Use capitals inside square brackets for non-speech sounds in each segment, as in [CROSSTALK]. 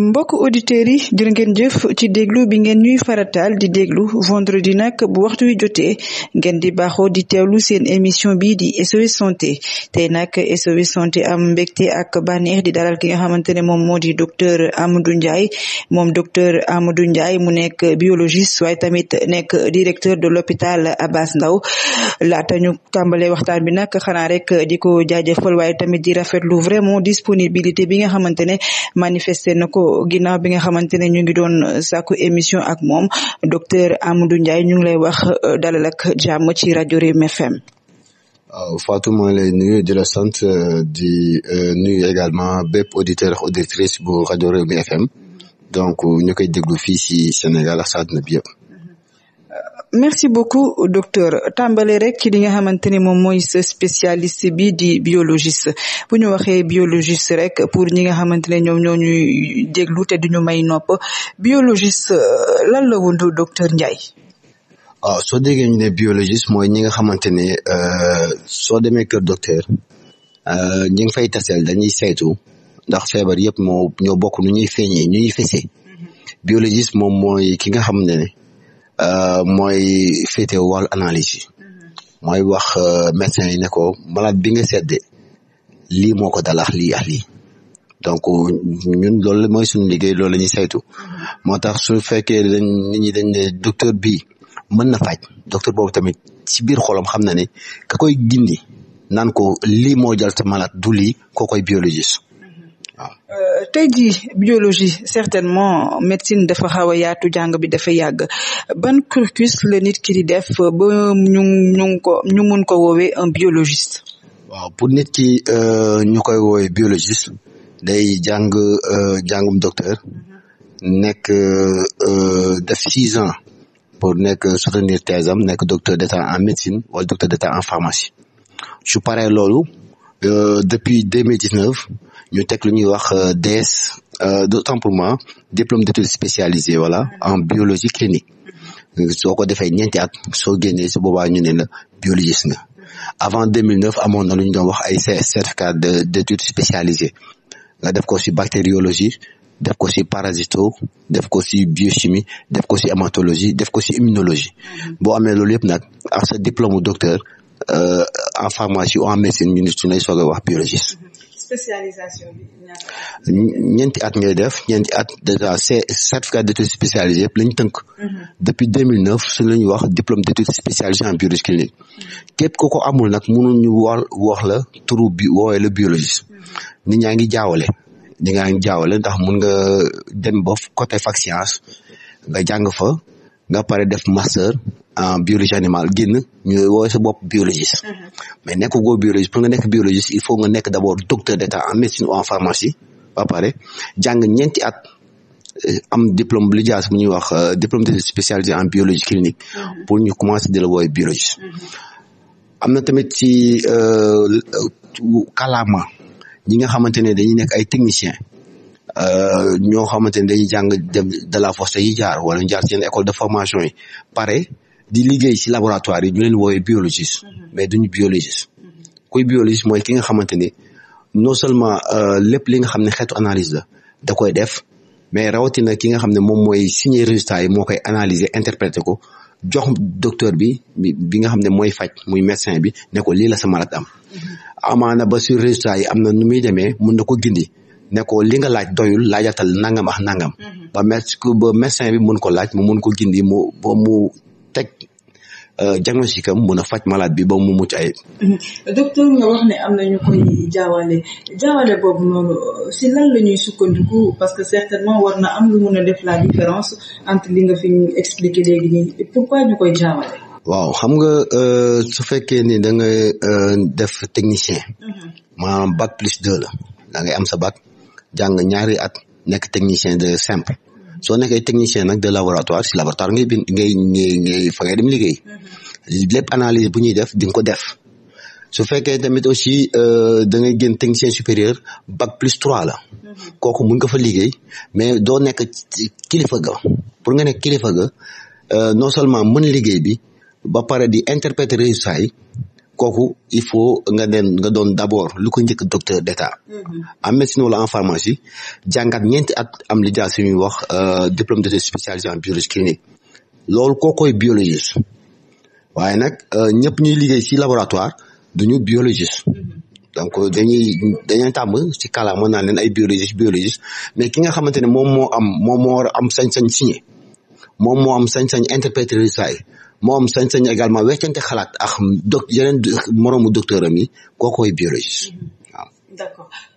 mbokk auditeurs yi jërë ngeen jëf ci déglu bi ngeen ñuy farataal di déglu vendredi nag bu waxtu wi jotee ngeen di baaxoo di lu seen émission bi di SOS santé tey nag SOS santé am mbégte ak bànneex di dalal ki nga xamante ne moom moo di docteur Amadou Ndiaye moom docteur Amadou Ndiaye mu nekk biologiste waaye tamit nekk directeur de l'hôpital Abass Ndao laata ñu tàmbalee waxtaan bi nag xanaa rek di ko jaajëfal waaye tamit di rafetlu vraiment disponibilité bi nga xamante ne manifesté ko ginnaaw bi nga xamante ne ñu ngi doon sàkku émission ak moom docteur Amadou Ndiaye ñu ngi lay wax euh, dalal ak jàmm ci rajo Rewmi FM. waaw Fatou maa ngi lay nuyu di la sant euh, di euh, nuyu également bépp auditeur auditrice bu rajo Rewmi FM donc ñu koy déglu fii si Sénégal ak àddina bi yëpp. merci beaucoup docteur tàmbale rek ci li nga xamante ne moom mooy spécialiste bi di biologiste bu ñu waxee biologiste rek pour ñi nga xamante ne ñoom ñoo ñuy déglu te duñu may nopp biologiste euh, lan la wundu docteur Ndiaye waaw ah, soo déggee ne biologiste mooy ñi nga xamante ne euh, soo demee kër docteur euh, ñi ngi fay taseel dañuy saytu ndax feebar yëpp moo ñoo bokk nu ñuy feeñee ñu ñuy fesee mm-hmm. biologiste moom mooy ki nga xam ne Euh, mooy féete wàllu analyse yi mm-hmm. mooy wax euh, médecin yi ne ko malade bi nga sedd lii moo ko dal ak lii donc ñun loolu mooy suñu liggéey loolu la saytu mm-hmm. moo tax su fekkee dañ nit ñi dañ ne docteur bii mën na faj docteur boobu tamit ci biir xolam xam na ne ka koy gindi nan ko lii moo jël sa du li ko koy biologiste Euh, tey jii biologie certainement médecine dafa xaw a yaatu jàng bi dafa yàgg ban cursus la nit ki di def ba ñu ñu ko ñu mun ko woowee un biologiste. waaw pour nit ki euh, ñu koy woowee biologiste day jàng euh, jàngum docteur nekk def six ans pour nekk soutenir thèse am nekk docteur ta en médecine wala docteur d'état en pharmacie su paree loolu depuis deux mille dix-neuf ñu teg lu ñuy wax DS d'autant pour moi diplôme d'études spécialisées voilà en biologie clinique soo ko defee ñeenti at soo génnee si boobaa ñu ne la biologiste nga avant 2009 amoon na lu ñu doon wax ay certificat de d'études spécialisées nga def ko si bactériologie def ko si parasito def ko si biochimie def ko si hématologie def ko si immunologie boo amee loolu yëpp nag ak sa diplôme docteur euh, en pharmacie ou en médecine ñu ne su soog a wax biologiste ñeenti at ngay def ñeenti at déjà certificat d'études spécialisées yëpp la ñu tënk. Mhm. depuis 2009 su la ñuy wax diplôme d'études spécialisées en biologie clinique. képp ku ko amul nag mënuñu war wax la turu bi woowee la biologiste. Mhm. nit ñaa ngi jaawale. nit ñaa ngi jaawale ndax mun nga dem ba côté fac science nga jàng fa nga pare def master en biologie animale génn ñu woowe sa bopp biologiste mm-hmm. mais nekk goo biologiste pour nga nekk biologiste il faut nga nekk d' abord docteur d' état en médecine ou en pharmacie ba pare jàng ñeenti at euh, am diplôme bu lijaas mu ñuy wax euh, diplôme de spécialisé en biologie clinique mm-hmm. pour ñu commencer di la woowe biologiste mm-hmm. am na tamit ci euh, kàllaama ñi nga xamante ne dañu nekk ay technicien ñoo xamante ne dañuy jàng dem de la force yi jaar wala ñu jaar seen école de formation yi pare di liggéey ci laboratoire yi ñu leen woowee biologiste mhm. mais duñu biologiste mhm. kuy biologiste mooy ki nga xamante ni non seulement euh, lépp li nga xam ne xeetu analyse la da koy def mais rawatina ki nga xam ne moom mooy signer résultat yi moo koy analyser interpréter ko jox docteur bi bi nga xam ne mooy faj muy médecin bi nekko lii la sa malade am mhm. amaana ba sur yi am na nu muy demee mun na ko gindi ne li nga laaj doyul laajatal nangam ax nangam ba médecin ba médecin bi mun ko laaj mu mun ko gindi mu mu teg euh, diagnostic am mën a faj malade bi ba mu mucc ay mhm. docteur nga wax ne am na ñu koy jaawale jaawale boobu noonu si lan la ñuy parce que certainement war na am lu mun def la différence entre li nga fi expliqué léegi nii pourquoi ñu koy jaawale. waaw xam nga euh, su fekkee ni da nga euh, def technicien. Mhm. maanaam bac plus deux la da am sa bac jàng ñaari at nekk technicien de simple. soo nekkee technicien nag de laboratoire si laboratoire ngay bind ngay fa ngay dem liggéey mm-hmm. lépp analyse bu ñuy def di nga ko def su fekkee tamit aussi euh, da ngay génn technicien supérieur bac plus trois la mm-hmm. kooku mun nga fa liggéey mais doo nekk ci kilifa ga pour nga nekk kilifa ga euh, non seulement mun liggéey bi ba pare di interpréter résultat yi kooku il faut nga den nga doon d'abord lu ko njëkk docteur d'état mm-hmm. am médecine wala en pharmacie jàngat ñeenti at am li jaa suñuy wax euh, diplôme d'études spécialisées en biologie clinique loolu koo koy biologiste waaye nag euh, ñëpp ñuy liggéey ci laboratoire ñu biologie mm-hmm. donc euh, dañuy dañuy tàmm ci kala mën naan leen ay biologiste biologie mais ki nga xamante ne moom moo am moom moo war a am sañ-sañ signé moom moo am sañ-sañ interpréter résultat yi moom sañ-sañ également weccante xalaat ak doc yeneen moroomu docteur am yi kookoy biologiste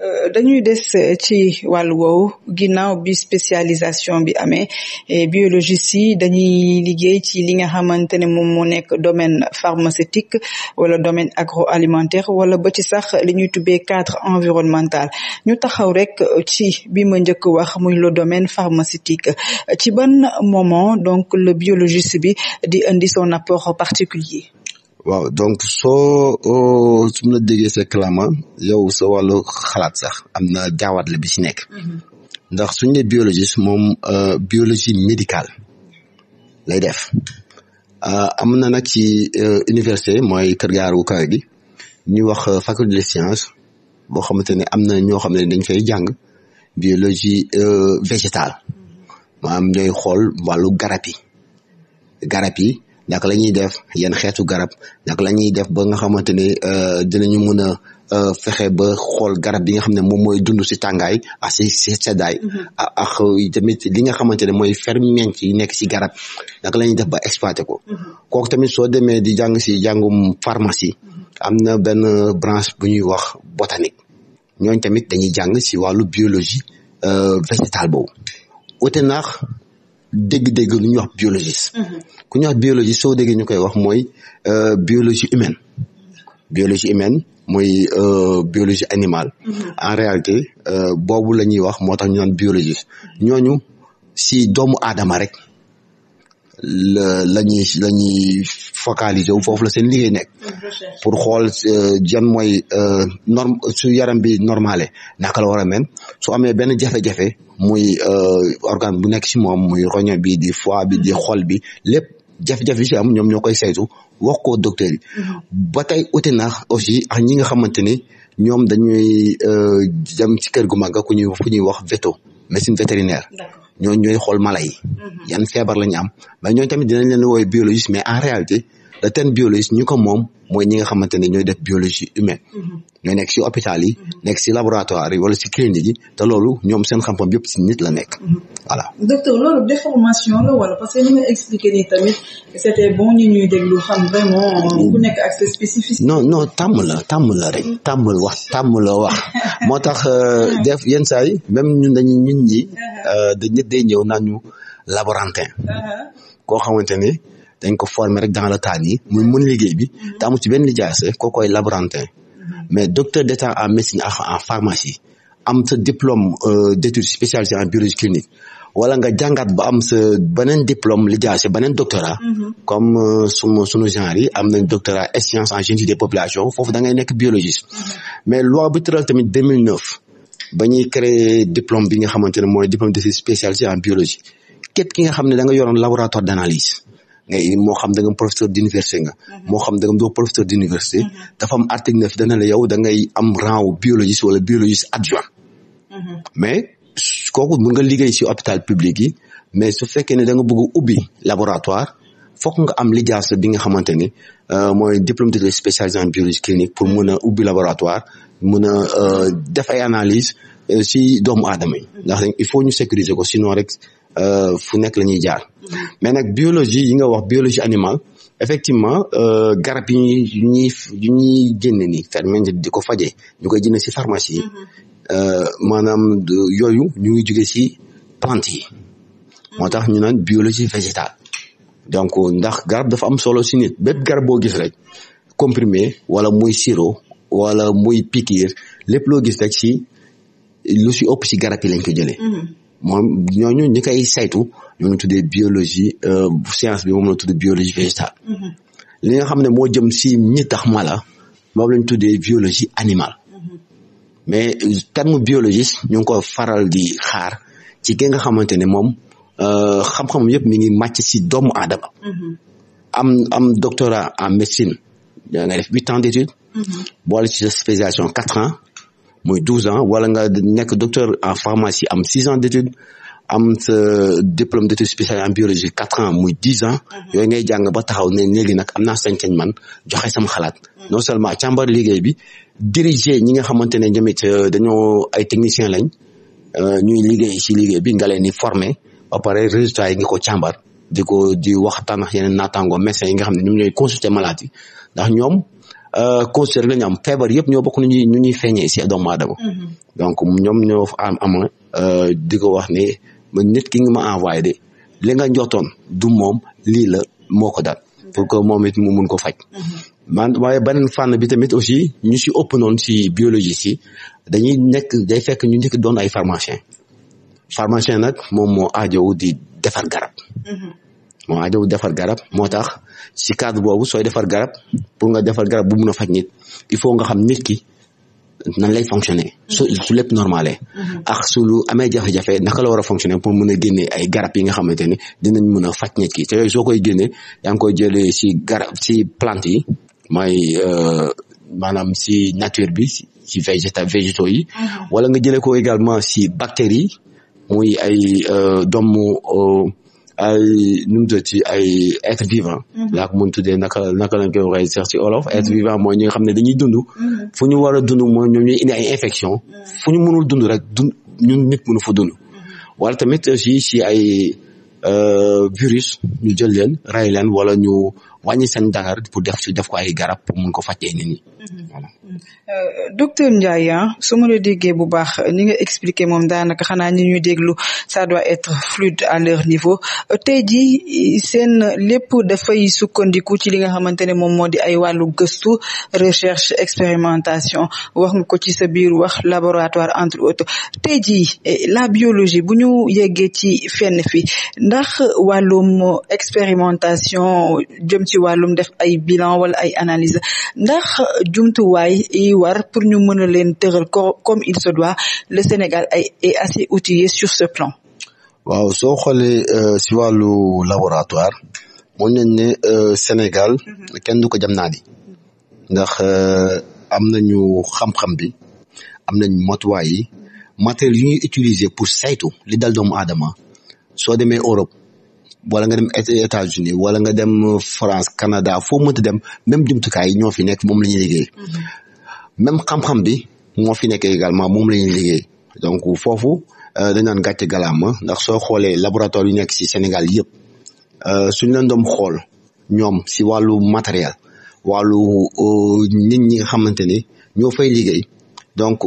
Euh, dañuy des euh, ci wàllu woowu ginnaaw bi spécialisation bi amee eh, biologistes yi dañuy liggéey ci li nga xamante ne moom moo nekk domaine pharmaceutique wala domaine agroalimentaire wala ba ci sax li ñuy tuddee cadre environnemental ñu taxaw rek euh, ci bi ma njëkk wax muy le domaine pharmaceutique ci ban moment donc le biologiste bi di indi son apport particulier waaw donc soo oh, su ma la déggee sa clama yow sa wàllu xalaat sax am na jaawaatle bi ci nekk mm-hmm. ndax suñ ne biologiste moom euh, biologie médicale lay def euh, am na nag ci euh, université mooy kër gaaru kawe gi ñuy wax faculté des sciences boo xamante ne am na ñoo xam ne dañ fay jàng biologie végétale mm-hmm. am ñooy xool wàllu garab yi garab yi naka la ñuy def yenn xeetu garab naka la def ba nga xamante ne euh, dinañu mën a euh, fexe ba xool garab bi nga xam ne moom mooy dund si tàngaay ak si si seddaay mm-hmm. ah, ak euh, tamit li nga xamante ne mooy ferñeent yi nekk si garab naka la def ba exploité ko mm-hmm. kooku tamit soo demee di jàng si jàngum pharmacie mm-hmm. am na benn branche bu ñuy wax botanique ñooñ tamit dañuy jàng si wàllu biologie végétale boobu ute dégg-dégg lu ñuy wax biologiste. Mhm. ku ñuy wax biologiste soo déggee ñu koy wax mooy euh, biologie humaine biologie humaine mooy euh, biologie animale. Mhm. en réalité euh, boobu la ñuy wax moo tax ñu naan biologiste ñooñu si doomu aadama rek. la la ñuy la wu foofu la seen liggéey nekk pour xool euh, jan mooy euh, norme su yaram bi normale naka la war a mel su amee benn jafe-jafe muy euh, organe bu nekk si moom muy roño bi di foie bi di xool bi lépp jafe-jafe yi si am ñoom ñoo koy saytu wax ko docteur yi mm-hmm. ba tey uti na aussi ak ñi nga xamante ni ñoom dañuy dem ci kër gu màgg ku ñuy fu ñuy wax veto médecine vétérinaire ñooñu ñooy xool mala yi. Mm-hmm. yan feebar la ñu am mais ñooñu tamit dinañ leen wooy biologiste mais en réalité le terme ñu ko moom mooy ñi nga xamante ne ñooy def biologie humaine mhm. ñoo nekk si hôpital yi mhm. nekk si laboratoire yi wala si clinique yi te loolu ñoom seen xam-xam yëpp si nit la nekk mhm. voilà docteur tàmm la tàmm la rek tàmm la wax tàmm wax [LAUGHS] moo tax euh, def yenn saay yi même ñun dañu ñun ñi da uh-huh. euh, day ñëw naan ñu laborantin uh-huh. koo xamante ni dañ ko former rek dans le tas yi muy mën liggéey bi te amu ci benn lijaasa kookoy laborantin mais docteur d'état en médecine en pharmacie am sa diplôme euh, d'études spécialisées en biologie clinique wala nga jàngat ba am sa beneen diplôme li jaase beneen doctorat mhm. comme euh, sunu sunu genre yi am nañ doctorat et sciences en génie des populations foofu da ngay nekk biologiste mhm. mais loi bi tëral tamit 2009 ba ñuy créer diplôme bi nga xamante ne mooy diplôme d'études spécialisées ki nga xam ne da nga yoroon laboratoire d'analyse ngay moo xam da nga professeur d'université nga mhm. moo xam da nga doo professeur d'université mhm. dafa am article neuf dana la yow da ngay am rang wu biologiste wala biologiste adjoint mhm. mais kooku mun nga liggéey si hôpital public yi mais su fekkee ne danga nga bëgg ubbi laboratoire fokk nga am lijaasa bi nga xamante ne euh, mooy diplôme de spécialisé en biologie clinique pour mën a ubbi laboratoire mën a euh, def ay analyse si euh, doomu aadama yi ndax il faut ñu sécuriser ko sinon rek Euh, fu nekk la ñuy jaar mais nag biologie yi nga wax biologie animale effectivement euh, garab yi ñi yu ñuy génne nii fermenter di ko fajee ñu koy jënd si pharmacie yi euh, maanaam yooyu ñu ngi jóge si plante yi moo tax ñu naan biologie végétale donc ndax garab dafa am solo si nit bépp garab boo gis rek comprimer wala muy sirop wala muy piqûre lépp loo gis rek ci lu si ëpp si garab yi lañ ko jëlee moom ñooñu ñi koy saytu ñoo tuddee biologie euh, science bi moom la tuddee biologie végétale. Mm-hmm. li nga xam ne moo jëm si ñi tax mala moom lañ tuddee biologie animale. Mm-hmm. mais euh, terme biologiste ñu ngi ko faral di xaar ci ki nga xamante ne moom euh, xam-xam yëpp mi ngi màcc si doomu aadama. Mm-hmm. am am doctorat en médecine da nga def huit ans d'études. boole ci sa spécialisation quatre ans. mooy douze ans wala nga nekk docteur en pharmacie am six ans d'études am sa diplôme d'études spéciales en biologie quatre ans muy dix ans mhm. yooyu ngay jàng ba taxaw ne léegi nag am naa sañ-sañ man joxe sama xalaat mhm. non seulement càmbar liggéey bi diriger ñi nga xamante ne ñoom it euh, dañoo ay techniciens lañ euh, ñuy liggéey ci liggéey bi nga leen di former ba pare résultat yi ko càmbar di ko di waxtaan ak yeneen naataango médecins yi nga xam ne ñoom ñooy consulter malade ndax ñoom considéré que ñoom feebar yëpp ñoo bokk nu ñuy nu ñuy feeñee si doomu aadama mm-hmm. donc ñoom ñoo am ama euh, di ko wax ne ma nit ki nga ma envoyé de li nga njottoon du moom lii la moo ko daal pour que moom it mu mun ko faj mm-hmm. man waaye beneen fànn bi tamit aussi ñu si ëpp noon si biologie si dañuy nekk day fekk ñu njëkk doon ay pharmacien pharmacien nag moom moo aajow di defar garab mm-hmm. moo ajow defar garab moo tax si cadre boobu sooy defar garab pour nga defar garab bu mun a faj nit il faut nga xam nit ki nan lay fonctionner su mm-hmm. lépp normalé mm-hmm. su amee jafe-jafe naka la war a fonctionner pour mën a génne ay garab yi nga xamante ni dinañ mën a faj nit ki te soo koy génne yaa nga koy jëlee si garab si plante yi mooy euh, maanaam si nature bi si végéta végétaux yi mm-hmm. wala nga jëlee ko également si bactéries muy ay euh, doomu euh, ay nu mu tuddati ay être vivant mhm. laa ko mun tuddee naka naka lañ koy waxee sax ci olof être mhm. vivant mooy ñi nga xam ne dañuy dund mhm. fu ñu war a dund mooy ñoom ñuy indi ay infection fu ñu mënul dund rek dund ñun nit mënu fa dund wala tamit aussi si ay euh, virus ñu jël leen rey wala ñu wàññi seen daxar pour def def ko ay garab pour mun ko fa nit ñi mhm. voilà euh, docteur Ndiaye su ma la déggee bu baax ni nga expliqué moom daanaka xanaa ñi ñuy déglu ça doit être fluide à leur niveau euh, tey seen lépp dafay sukkandiku ci li nga xamante ne moom moo di ay wàllu gëstu recherche expérimentation wax nga ko ci sa biir wax laboratoire entre autres tey jii eh, la biologie bu ñu yeggee ci fenn fi ndax wàllum expérimentation jëm ci wàllum def ay bilan wala ay analyse ndax jumtuwaay yi war pour ñu mën leen tëral comme il se doit le Sénégal ay assez outillé sur ce plan. waaw soo xoolee euh, si wàllu laboratoire moo nañ ne euh, Sénégal mhm. kenn du ko jam naa di ndax euh, am nañu xam-xam bi am nañ matuwaay yi matériel yu utiliser pour saytu li dal doomu aadama soo demee Europe. wala nga dem États-Unis wala nga dem France Canada foo mënti dem même jumtukaay yi ñoo fi nekk moom la ñuy liggéey mm-hmm. même xam-xam bi moo fi nekk également moom la ñuy liggéey donc foofu euh, dañ naan gàcce galaama ndax soo xoolee laboratoire yu nekk si Sénégal yëpp euh, suñ leen doon xool ñoom si wàllu matériel wàllu euh, nit ñi nga xamante ni ñoo fay liggéey donc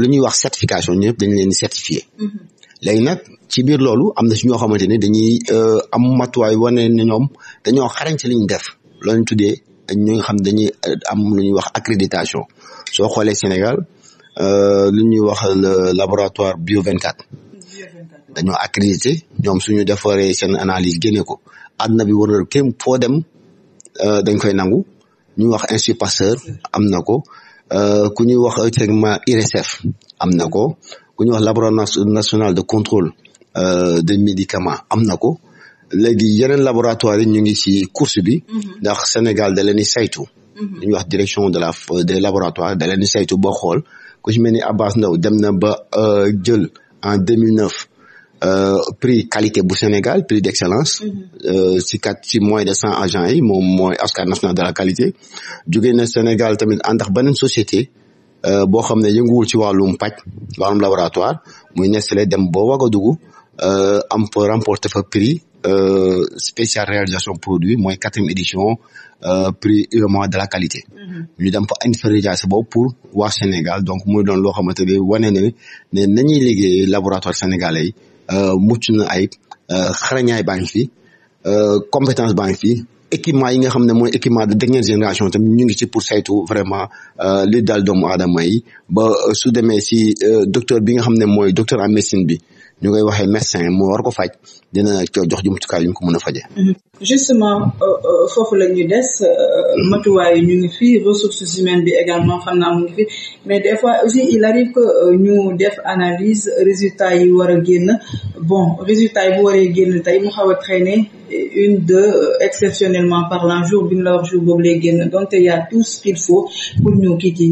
lu ñuy wax certification ñëpp dañ leen certifié mm-hmm. léegi nag ci biir loolu am na si ñoo xamante ni dañuy euh, am matuwaay wane ne ñoom dañoo xarañ ci li ñu def loolu ñu tuddee ñu nga xam dañuy euh, am lu ñuy wax accréditation soo xoolee Sénégal euh, lu ñuy wax le laboratoire bio 24 dañoo accrédité ñoom suñu defaree seen analyse génne ko àdduna bi wër na foo dem dañ koy nangu ñu wax Institut Pasteur am na ko ku ñuy wax actuellement IRSF e e am na ko ku ñu wax laboratoire national de contrôle euh, de médicaments am na ko léegi yeneen laboratoire yi ñu ngi ci course bi mhm. ndax Sénégal da leen di saytu mhm. li ñuy wax direction de la des laboratoires da leen di saytu boo xool ku ci mel ni Abbas Ndao dem na ba euh, jël en 2009 Euh, prix qualité bu Sénégal prix d'excellence si mhm. euh, kat ci moins de cent agents yi moom mooy Oscar national de la qualité jóge ne Sénégal tamit àndax beneen société Euh, boo xam ne yënguwul ci wàllum paj wàllum laboratoire muy Nestlé dem ba Wagadugu euh, am fa remporté fa prix euh, spécial réalisation produit mooy quatrième édition prix UEMOA de la qualité. Mm-hmm. ñu dem fa indi fa boobu pour wax Sénégal donc muy doon loo xamante ne wane na ne nañuy liggéey laboratoire sénégalais yi mucc na ay xarañaay baa ngi fi compétence baa ngi fi. équipement yi nga xam ne mooy équipement de dernière génération tamit ñu ngi ci pour saytu vraiment euh, li daal doomu aadama yi ba euh, su demee si euh, docteur bi nga xam ne mooy docteur en messine bi ñu koy waxee médecin moo war ko faj dina jox jumtukaay yu ñu ko mën a faje mhm. justement euh, euh, foofu la ñuy des euh, mhm. matuwaay ñu ngi fi ressources humaines bi également xam naa mu ngi fi mais des fois aussi il arrive que ñu def analyse résultat yi war a génn bon résultat yi bu waree génn tey mu xaw a traîner une deux exceptionnellement parlant jour bi la wax génn donc a tout ce qu'il ñu kii ci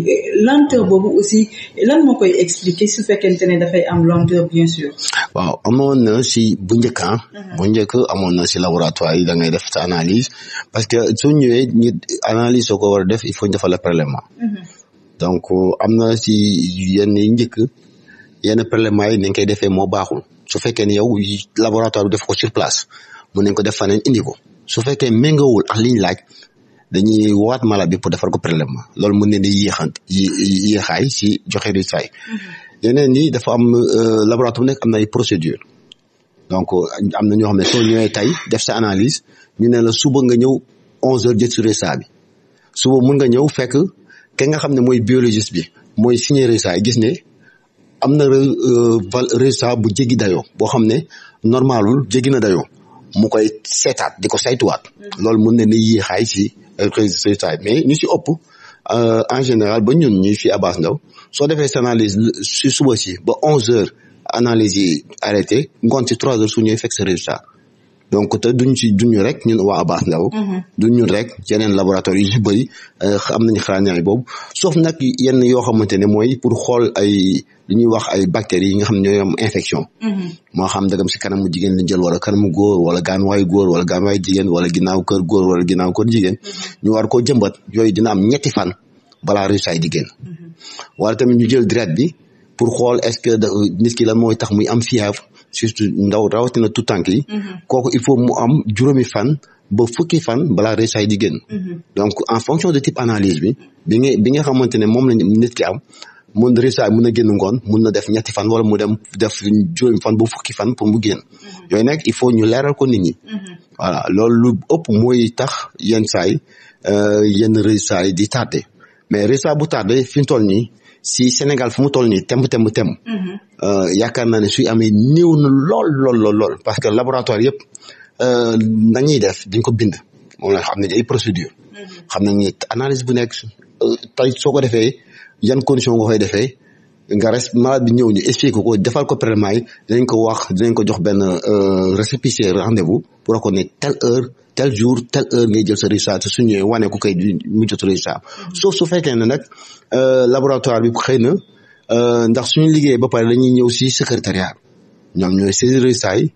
lenteur boobu aussi lan moo koy expliquer su fekkente ne dafay am lenteur bien sûr waaw amoon na si bu njëkk ah, ah. bu njëkk amoon na si laboratoire yi da ngay def sa analyse parce que soo ñëwee ñu analyse soo ko war def il faut ñu defal la prélèvement. Mm-hmm. donc am na si yenn yi njëkk yenn prélèvement yi ni ñu koy defee moo baaxul su fekkee ne yow laboratoire bi def ko sur place mun nañ ko def faneen indi ko su fekkee méngoowul ak liñ laaj. dañuy woowaat malade bi pour defar ko prélèvement loolu mën ne di yéexant yéexaay si joxe résultat yi mm-hmm. yeneen yi dafa am euh, laboratoire bu nekk am na ay procédure donc euh, am na ñoo xam ne soo ñëwee tey def sa analyse ñu ne la suba nga ñëw onze heures jët su résultat bi suba mun nga ñëw fekk ke nga xam ne mooy biologiste bi mooy signé résultat gis ne am na résultat euh, bu jéggi dayoo boo xam ne normalul jéggi na dayoo mu koy seetaat di ko saytuwaat mm-hmm. loolu mun na ne yéexaay si résultat yi mais ñu si ëpp euh, en général ba ñun ñuy fi Abass ndaw soo defee sa analyse si suba si ba onze heures analyse yi arrêté ngoon ci trois heures su ñëwee fekk sa résultat donc te duñ ci duñu rek ñun waa Abass Ndao mm-hmm. du ñun rek yeneen laboratoire yu ci bëri euh, am nañu xarañaay boobu sauf nag yenn yoo xamante ne mooy pour xool ay li ñuy wax ay bactéries yi nga xam ne ñooy am infection mm-hmm. moo xam dagam si kanamu jigéen lañ jël wala kanamu góor wala gaanuwaayu góor wala gaanuwaayu jigéen wala ginnaaw kër góor wala ginnaaw kër jigéen mm-hmm. ñu war koo jëmbat yooyu dina am ñetti fan balaa résultat yi di génn bi pour xool est-ce que nit ki la mooy tax muy am fièvre surtout ndaw rawatina tout tànk yi. Mhm. kooku il faut mu am juróomi fan ba fukki fan balaa reesaay di génn. Mhm. donc en fonction de type analyse bi bi nga bi nga xamante ne moom la nit ki am. mun reesaay mun na génn ngoon mun na def ñetti fan wala mu dem def juróomi fan ba fukki fan pour mu génn. Mhm. yooyu nag il faut ñu leeral ko nit ñi. voilà loolu lu ëpp mooy tax yenn saay euh, yenn reesaay di tardé mais reesaay bu tardé fi mu toll nii. si Sénégal fu mu toll nii temb temb temb. Euh, yaakaar na ne suy amee néew na lool lool lool parce que laboratoire yëpp euh, nañuy def dañ ko bind moom la xam nañ ay procédure xam nañ analyse bu nekk euh, tey soo ko defee yan condition nga koy defee. nga res malade ñëw ñu expliqué ko defal ko prélèvement yi dinañ ko wax dinañ ko jox benn récépissé rendez-vous pour ko ne telle heure. tel jour tel heure ngay jël sa résultat te su wane ko kay mu jot résultat mm-hmm. sauf su fekkee ne nag euh, laboratoire bi xëy na euh, ndax suñu liggéey ba pare dañuy ñëw si secrétariat ñoom ñooy saisir résultat yi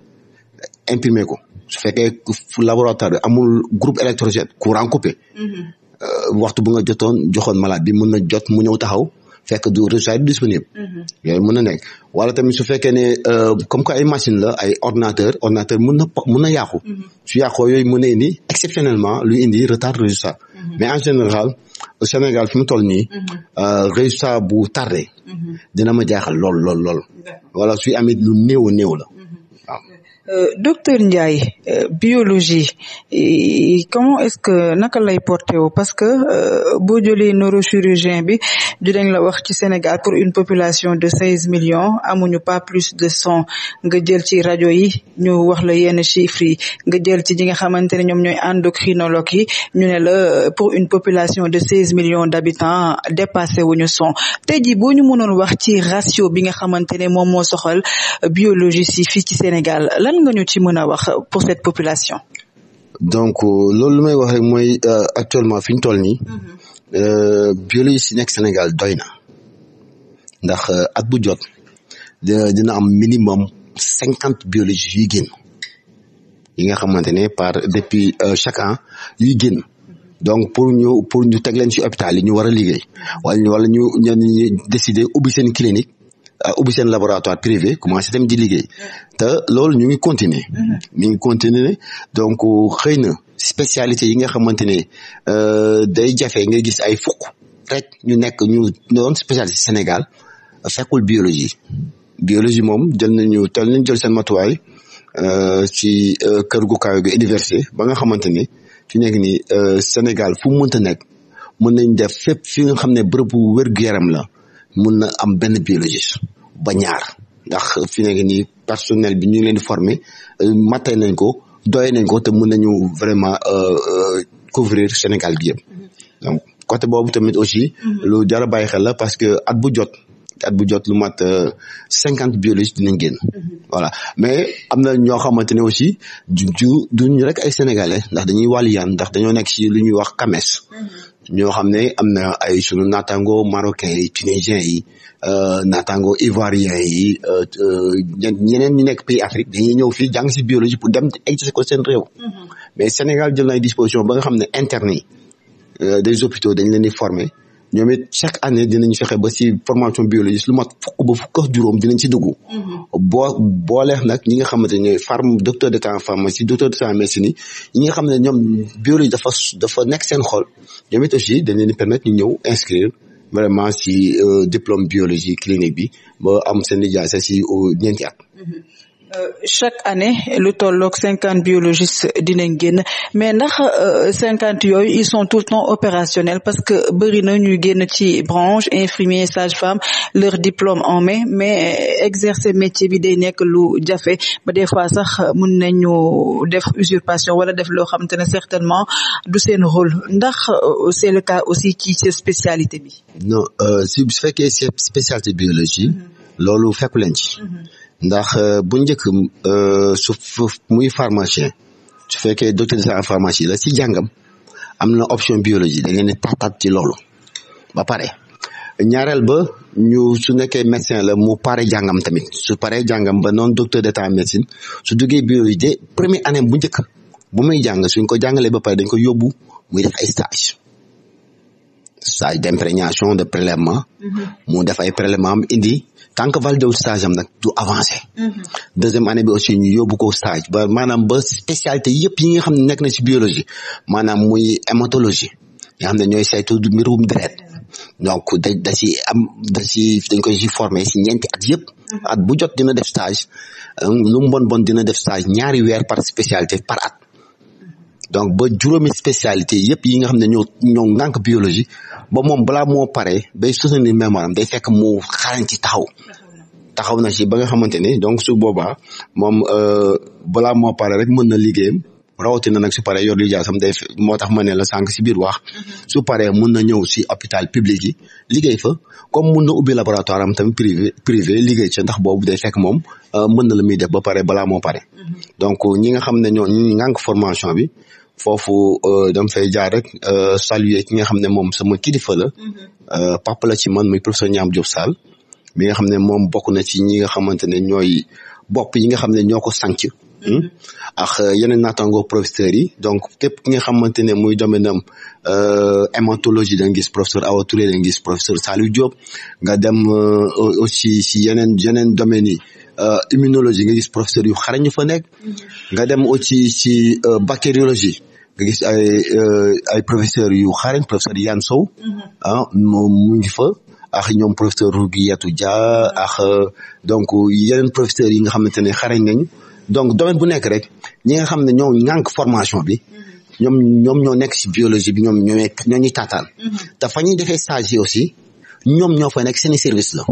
imprimer ko su fekkee laboratoire bi amul groupe électrogène courant coupé mm-hmm. euh, waxtu bu nga jotoon joxoon malade bi mën na jot mu ñëw taxaw fekk du résultat du disponible. Mhm. yooyu mën na nekk wala tamit su fekkee ne euh, comme que ay machine la ay ordinateur ordinateur mën na mën na yàqu. Mhm. su yàqoo yooyu mën na indi exceptionnellement luy indi retard résultat. Mhm. mais en général au Sénégal fi mu toll nii. Euh, résultat bu tardé. dina ma jaaxal lool lool lool. wala suy amit lu néew néew la. Euh, docteur Ndiaye euh, biologie comment est-ce que naka lay porté wu parce que euh, boo jëlee neurochirurgien bi dinañ la wax ci Sénégal pour une population de seize millions amuñu pas plus de son nga jël ci rajo yi ñu wax la yenn chiffres yi nga jël ci ñi nga xamante ne ñoom ñooy endocrinologue yi ñu ne la pour une population de seize millions d'habitants dépassé ñu cent tey jii boo ñu mënoon wax ci ratio bi nga xamante ne moom moo soxal biologie si fii ci Sénégal lan lan nga ñu ci mën a wax pour cette population. donc euh, loolu lu may wax rek mooy euh, actuellement fi ñu toll nii. biologistes mm-hmm. euh, yi nekk Sénégal doy na ndax at bu jot dina am minimum cinquante biologistes yuy génn yi nga xamante ne par depuis chaque an yuy génn. donc pour ñu pour ñu teg leen ci hôpital yi ñu war a liggéey wala ñu wala ñu ñu décider ubbi seen clinique Euh, ubbi seen laboratoire privé commencé dem di liggéey te loolu ñu ngi continuer ñu mm-hmm. ngi continuer donc xëy na spécialité yi nga xamante ne euh, day jafe nga gis ay fukk rek ñu nekk ñu doon spécialité Sénégal fekkul biologie biologie moom jël nañu tel nañ jël seen matuwaay euh, ci kër gu kaw gi université ba nga xamante ni fi nekk ni Sénégal fu mu mënta nekk mën nañ def fépp fi nga xam ne bërëbu wér-gu-yaram la mun na am benn biologiste ba ñaar ndax fi nekk nii personnel bi ñu ngi leen di former euh, mattay nañ ko doy nañ ko te mun nañu vraiment euh, euh, couvrir Sénégal bi yëpp mm-hmm. donc côté boobu tamit aussi mm-hmm. lu jar bàyyi xel la parce que at bu jot at bu jot lu mat cinquante biologistes dinañ génn mm-hmm. voilà mais am na ñoo xamante ne aussi du duñu rek ay sénégalais ndax dañuy wàlliyaan ndax dañoo nekk ci lu ñuy wax kames ñoo xam ne am na ay sunu naataango marocain yi tunisien yi euh, naataango ivoirien yi euh, euh, ñeneen ñi nekk pays Afrique dañuy ñëw fii jàng si biologie pour dem exercer ko seen réew. Mm-hmm. mais Sénégal jël na ay disposition ba nga xam ne interne des hôpitaux dañ leen di former. ñoom it chaque année dinañu fexe ba si formation biologiste lu mat fukk ba fukk juróom dinañ ci dugg. Mm-hmm. boo booleex nag ñi nga xamante ne ñooy docteur d'état en pharmacie docteur d'état en médecine ñi nga xam ne ñoom biologie dafa dafa nekk seen xool ñoom it aussi dañ leen di permettre ñu ñëw inscrire vraiment si euh, diplôme biologie clinique bi boo am seen lijaasa si euh, ñeenti at. Mm-hmm. Euh, chaque année lu tolloog cinquante biologistes dinañ génn mais ndax euh, cinquante yooyu ils sont tout le temps opérationnels parce que bëri na génn ci branche infirmier sage-femme leur diplôme en main mais exercer métier bi day nekk lu jafe ba des fois sax mën ñu def usurpation wala def loo xamante ne certainement du seen rôle ndax euh, c'est le cas aussi ci seen spécialité bi. non su fekkee spécialité biologie. Mm-hmm. loolu fekk leen ci. Mm-hmm. ndax euh, bu njëkk euh, su muy pharmacien su fekkee docteur en pharmacie la si jàngam am na option biologie da ne di tàqaat ci loolu ba pare ñaareel ba ñu su nekkee médecin la mu pare jàngam tamit su pare jàngam ba noonu docteur d'état en médecine su duggee biologie de première année bu njëkk bu muy jàng suñ ko jàngalee ba pare dañ ko yóbbu mu def ay stage stage d' de prélèvement mm-hmm. mu def ay am indi tant que validé wul stage am nag du avancé. Mm-hmm. deuxième année bi aussi ñu yóbbu ko ba maanaam ba spécialité yëpp yi nga xam ne si na ci biologie maanaam muy hématologie nga xam ne ñooy saytu mbirum deret donc da da ci am da ci dañ koy ci formé ci ñeenti at yëpp. Mm-hmm. at bu jot dina def stage euh, lu mu bon bon dina def stage ñaari weer par spécialité par at. donc ba juróomi spécialité yëpp yi nga xam ne ñoo ñoo ngànk biologie ba moom balaa moo paree bay soutenir mémoire day fekk mu xarañ taxaw taxaw na ci ba nga xamante ni donc su boobaa moom euh, balaa moo pare rek mën na liggéeyam rawatina nag su paree yor li jaasam day moo tax ma ne la sànq si biir wax mhm. su paree mun na ñëw si hôpital public yi liggéey fa comme mun na ubbi laboratoire am tamit privé privé liggéey ca ndax boobu day fekk moom euh, mën na la muy def ba pare balaa moo pare mhm. donc ñi nga xam ne ñoo ñi ngànk formation bi foofu euh, dam fay jaar rek euh, saluer ki nga xam ne moom sama kilifa la mm-hmm. euh, papa la ci man muy professeur Niam Diop Sall mi nga xam ne moom bokk na ci ñi nga xamante ne ñooy bopp yi nga xam ne ñoo ko sànc hmm? mm-hmm. ak yeneen naataango professeurs yi donc képp ki nga xamante ne muy domaine am hématologie da gis professeur Awa Touré da nga gis professeur Saliou Diop nga dem aussi si yeneen yeneen domaines yi immunologie nga gis professeur yu xarañ fa nekk mm-hmm. nga dem aussi si bactériologie nga ay euh, ay professeur yu xarañ professeur Yann Sow mm-hmm. ah moom mu ngi fa ak ñoom professeur Rougiyatou Dia mm-hmm. ak euh, donc yeneen professeurs yi nga xamante ne xarañ nañu donc domaine bu nekk rek ñi nga xam ne ñoom ñànk formation bi mm-hmm. ñoom ñoom ñoo nekk si biologie bi ñoom ñoo ñoo ñuy taataan te fa ñuy defee stage yi aussi ñoom ñoo fa nekk seeni service la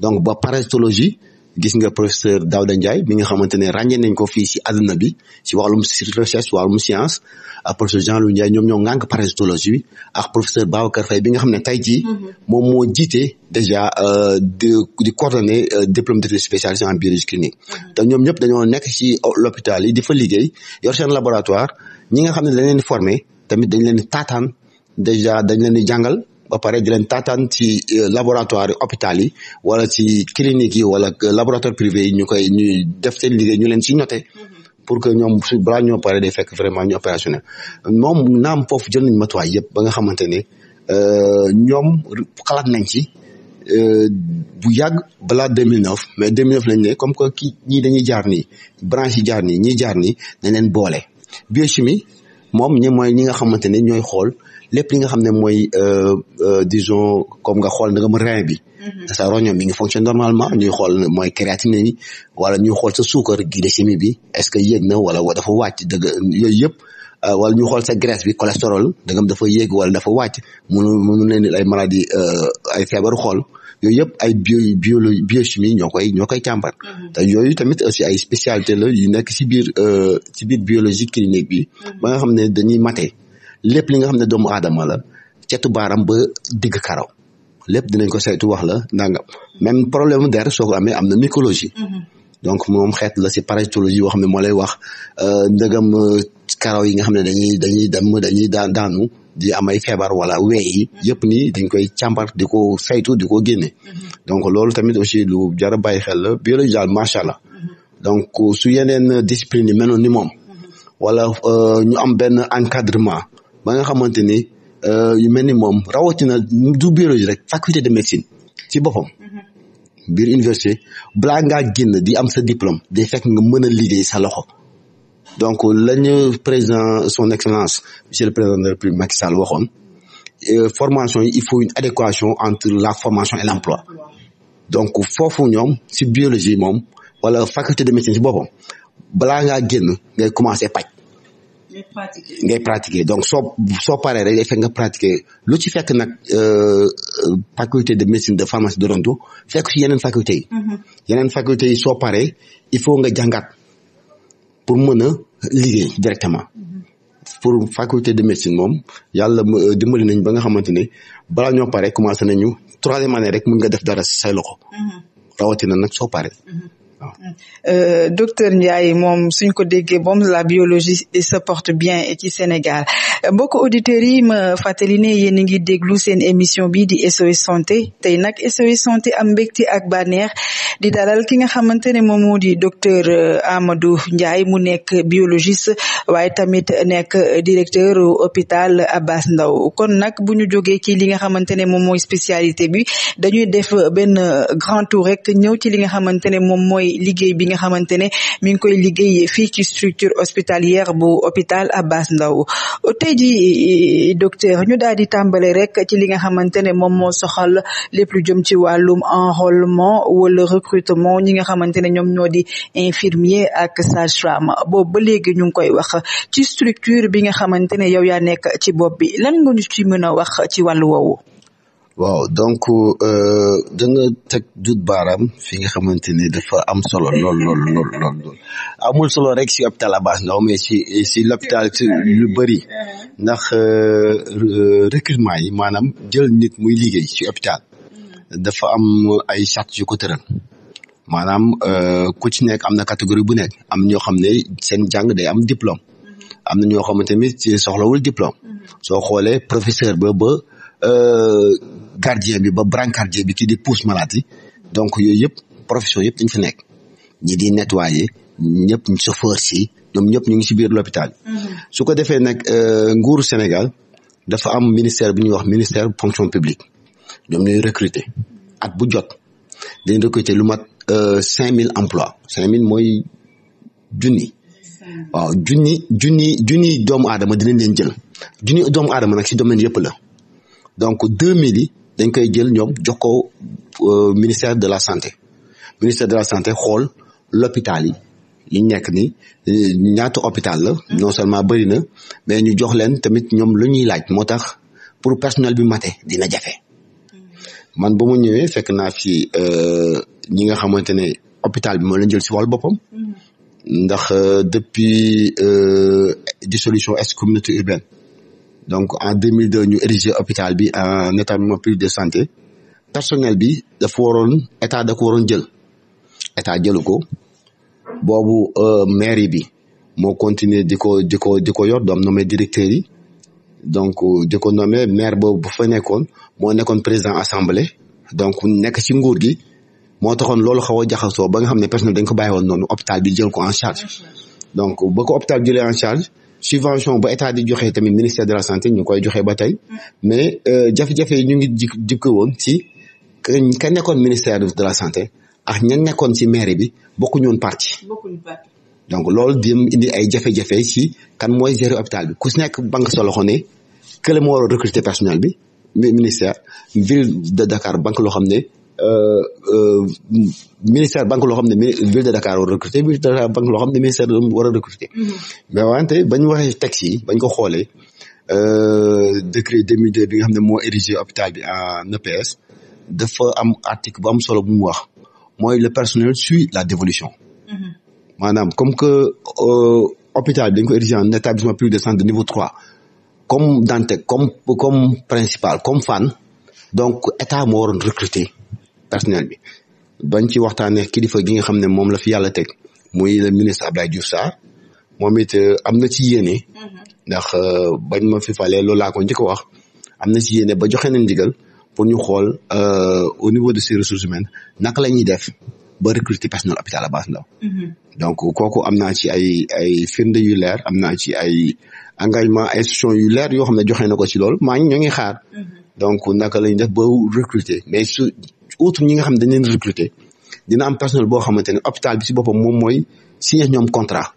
donc ba parasitologie gis nga professeur Daouda Ndiaye mi nga xamante ne ràññee nañ ko fii si àdduna bi si wàllum recherche wàllum science ak professeur Jean Louis Ndiaye ñoom ñoo ŋànk parasitologie bi ak professeur Babacar Faye bi nga xam ne tey jii mm-hmm. moom moo jiite déjà euh, di di coordonner euh, diplôme d'études spécialisées en biologie clinique mm-hmm. te ñoom ñëpp dañoo nekk ci euh, l'hôpital yi di fa liggéey yor seen laboratoire ñi nga xam ne dañ leen di tamit dañ leen di taataan déjà dañ leen di jàngal ba pare di leen tataan ci euh, laboratoire hôpital yi wala ci clinique yi wala laboratoire privé yi ñu koy ñuy def seen liggéey ñu leen ci noté mm-hmm. pour que ñoom su balaa ñoo pare day fekk vraiment ñu opérationnel moom naam foofu jël nañ matuwaay yëpp ba nga xamante ne euh, ñoom xalaat nañ ci euh, bu yàgg balaa 2009 mais 2009 lañ ne comme que kii ñii dañuy jaar ni branche yi jaar nii ñii jaar ni dañ leen boole biochimie moom ñi ñi nga xamante ne ñooy xool lépp li nga xam ne mooy euh, euh, disons comme nga xool nga mu rein bi mhm. sa roño mi ngi fonctionne normalement ñuy xool mooy créatine yi wala ñuy xool sa suukar glycémie bi est-ce que yéeg na wala dafa wàcc dëgg yooyu yëpp euh, wala ñu xool sa grace bi cholestérol da nga dafa yéeg wala dafa wàcc munu munu leen ay maladie ay feebaru xool yooyu yëpp ay bio biologie biochimie ñoo koy ñoo koy càmbar mhm. te yooyu tamit aussi ay spécialité la yu nekk si biir ci biir biologie clinique bi mhm. ba nga xam ne dañuy mate lépp li nga xam ne doomu aadama la cetu baaram ba digg karaw lépp dinañ ko saytu wax la nangam même problème der soo ko amee am na mycologie mm-hmm. donc moom xeet la si parasitologie yoo xam ne moo lay wax euh, ndëgam euh, karaw yi nga xam ne dañuy dañuy dem dañuy daan daanu di am ay feebar wala wee yi mm-hmm. yëpp nii dañ koy càmbar di ko saytu di ko génne mm-hmm. donc loolu tamit aussi lu jar bàyyi xel la biologie daal macha allah donc su yeneen discipline yi meloon ni moom wala euh, ñu am benn encadrement ba nga xamante ni euh, yu mel ni moom rawatina du biologie rek faculté de médecine si boppam. Mm-hmm. biir université balaa ngaa génn di am sa diplôme di fekk nga mën a liggéey sa loxo donc lañu président son excellence monsieur le président de la république Macky euh, formation yi il faut une adéquation entre la formation et l'emploi donc foofu ñoom si biologie moom wala faculté de médecine si boppam balaa ngaa génn ngay commencer paj ngay pratiquer donc soo soo paree rek nga pratiquer lu ci fekk nag euh, faculté de médecine de pharmacie de Toronto fekk ci yeneen faculté yi mm-hmm. yeneen faculté yi soo paree il faut nga jàngat pour mën a liggéey directement mm-hmm. pour faculté de médecine moom yàlla euh, dimbali nañ ba nga xamante ne balaa ñoo pare commencé nañu troisième année rek mun nga def dara say loxo mm-hmm. rawatina nag soo paree Euh, docteur Ndiaye moom suñ ko déggee bon la biologie se porte bien ci Sénégal mbokk auditeurs yi ma fàttali ne yéen a ngi déglu seen émission bi di SOS santé tey nag SOS santé am mbégte ak bànneex di dalal ki nga xamante ne moom moo di docteur euh, Amadou Ndiaye mu nekk biologiste waaye tamit nekk directeur hôpital Abass Ndao kon nag bu ñu jógee ci li nga xamante ne moom mooy spécialité bi dañuy def benn grand tour rek ñëw ci li nga xamante ne moom liggéey bi nga xamante ne mi ngi koy liggéey fii ci structure hospitalière bu hôpital Abass Ndao tey ji eh, docteur ñu daal di tàmbale rek ci li nga xamante ne moom moo soxal lépp lu jëm ci wàllum enrôlement wala recrutement ñi nga xamante ne ñoom ñoo di infirmier ak sage-femme boobu ba léegi ñu ngi koy wax ci structure bi nga xamante ne yow yaa nekk ci bopp bi lan nga ñu ci mën a wax ci wàllu woowu waaw donc euh, da nga teg dut baaraam fi nga xamante ni dafa am solo lool lool amul solo rek si hôpital Abass Ndao mais si si l'hôpital si bëri ndax euh, euh, recrutement yi maanaam jël nit muy liggéey si hôpital dafa am ay chartes yu ko tëral maanaam ku ci nekk am na catégorie bu nekk am ñoo xam ne seen jàng day am diplôme am na ñoo xamante ni soxlawul diplôme mm-hmm. soo professeur ba ba Euh, gardien bi ba brancardier bi kii di pousse malade donc yooyu yëpp profession yëpp dañ fi nekk ñi di nettoyer ñëpp chauffeur si ñoom ñëpp ñu ngi si biir l'hôpital mhm. su ko defee nag euh, nguur Sénégal dafa am ministère bu ñuy wax ministère fonction publique ñoom ñooy recruter at bu jot dañ recruter lu mat euh, cinq mille emploi cinq mille mooy junni waaw junni junni junni doomu aadama dinañ leen jël junni doomu aadama nag si domaine yëpp la donc deux mille yi dañ koy jël ñoom jox ko euh, ministère de la santé ministère de la santé xool l'hôpital yi yi nekk ni ñaata hôpital la non seulement bëri na mais ñu jox leen tamit ñoom lu ñuy laaj moo tax pour personnel bi mate dina jafe man ba mu ñëwee fekk naa fi euh, ñi nga xamante ne hôpital bi moo leen jël si wàllu boppam ndax euh, depuis solution est communauté urbaine donc en 2002 ñu érigé hôpital bi en établissement public de santé personnel bi dafa waroon état da ko waroon jël état jëlu ko boobu euh, mairie bi moo continuer di ko di ko ko yor doom nommé directeur yi donc euh, di ko nommé maire boobu bu fa nekkoon moo nekkoon président assemblée donc nekk ci nguur gi moo taxoon loolu xaw a jaxasoo ba nga xam ne personnel dañ ko bàyyi woon noonu hôpital bi jël ko en charge donc ba ko hôpital jëlee en charge subvention ba état di joxe tamit ministère de la santé ñu koy joxe ba tey mais euh, jafe-jafe ñu ngi jik jikko woon ci ka nekkoon ministère de la santé ak ña nekkoon ci maire bi bokkuñu woon parti donc loolu di indi ay jafe-jafe ci kan mooy gérer hôpital bi ku si nekk banque sa loxo ne kële moo war a recruter personnel bi ministère ville de Dakar banque loo xam ne Euh, euh, ministère banque loo xam ne ville de Dakar a recruter ville de Dakar ne ministère war recruter. Mm-hmm. mais wante bañ waxee taxes yi bañ ko xoolee euh, décret 2002 bi nga xam ne moo érigé hôpital bi en EPS dafa am article bu am solo bu mu wax mooy le personnel suit la dévolution. Mm-hmm. maanaam comme que hôpital bi dañ ko érigé en établissement public de santé de niveau trois comme Dantec comme comme principal comme Fann donc état moo waroon recruter. personnel bi bañ ci waxtaanee kilifa gi nga xam ne moom la fi yàlla teg muy le ministre Abdoulaye Diouf Sarr moom it euh, am na ci yéene mm-hmm. ndax euh, bañ ma fi falee loolu laa ko njëkk wax am na ci yéene ba joxe na ndigal pour ñu xool euh, au niveau de ces ressources naka la ñuy def ba recruter personnel hôpital Abass Ndao mm-hmm. donc kooku am naa ci ay ay firnde yu leer am naa ci ay engagement institution yu leer yoo xam ne joxe na ko ci loolu maa ngi ñoo ngi xaar mm-hmm. donc naka la def ba recruter mais outre ñi nga xam ne dañ leen recruter dina am personnel boo xamante ne hôpital bi si boppam moom mooy signé ñoom contrat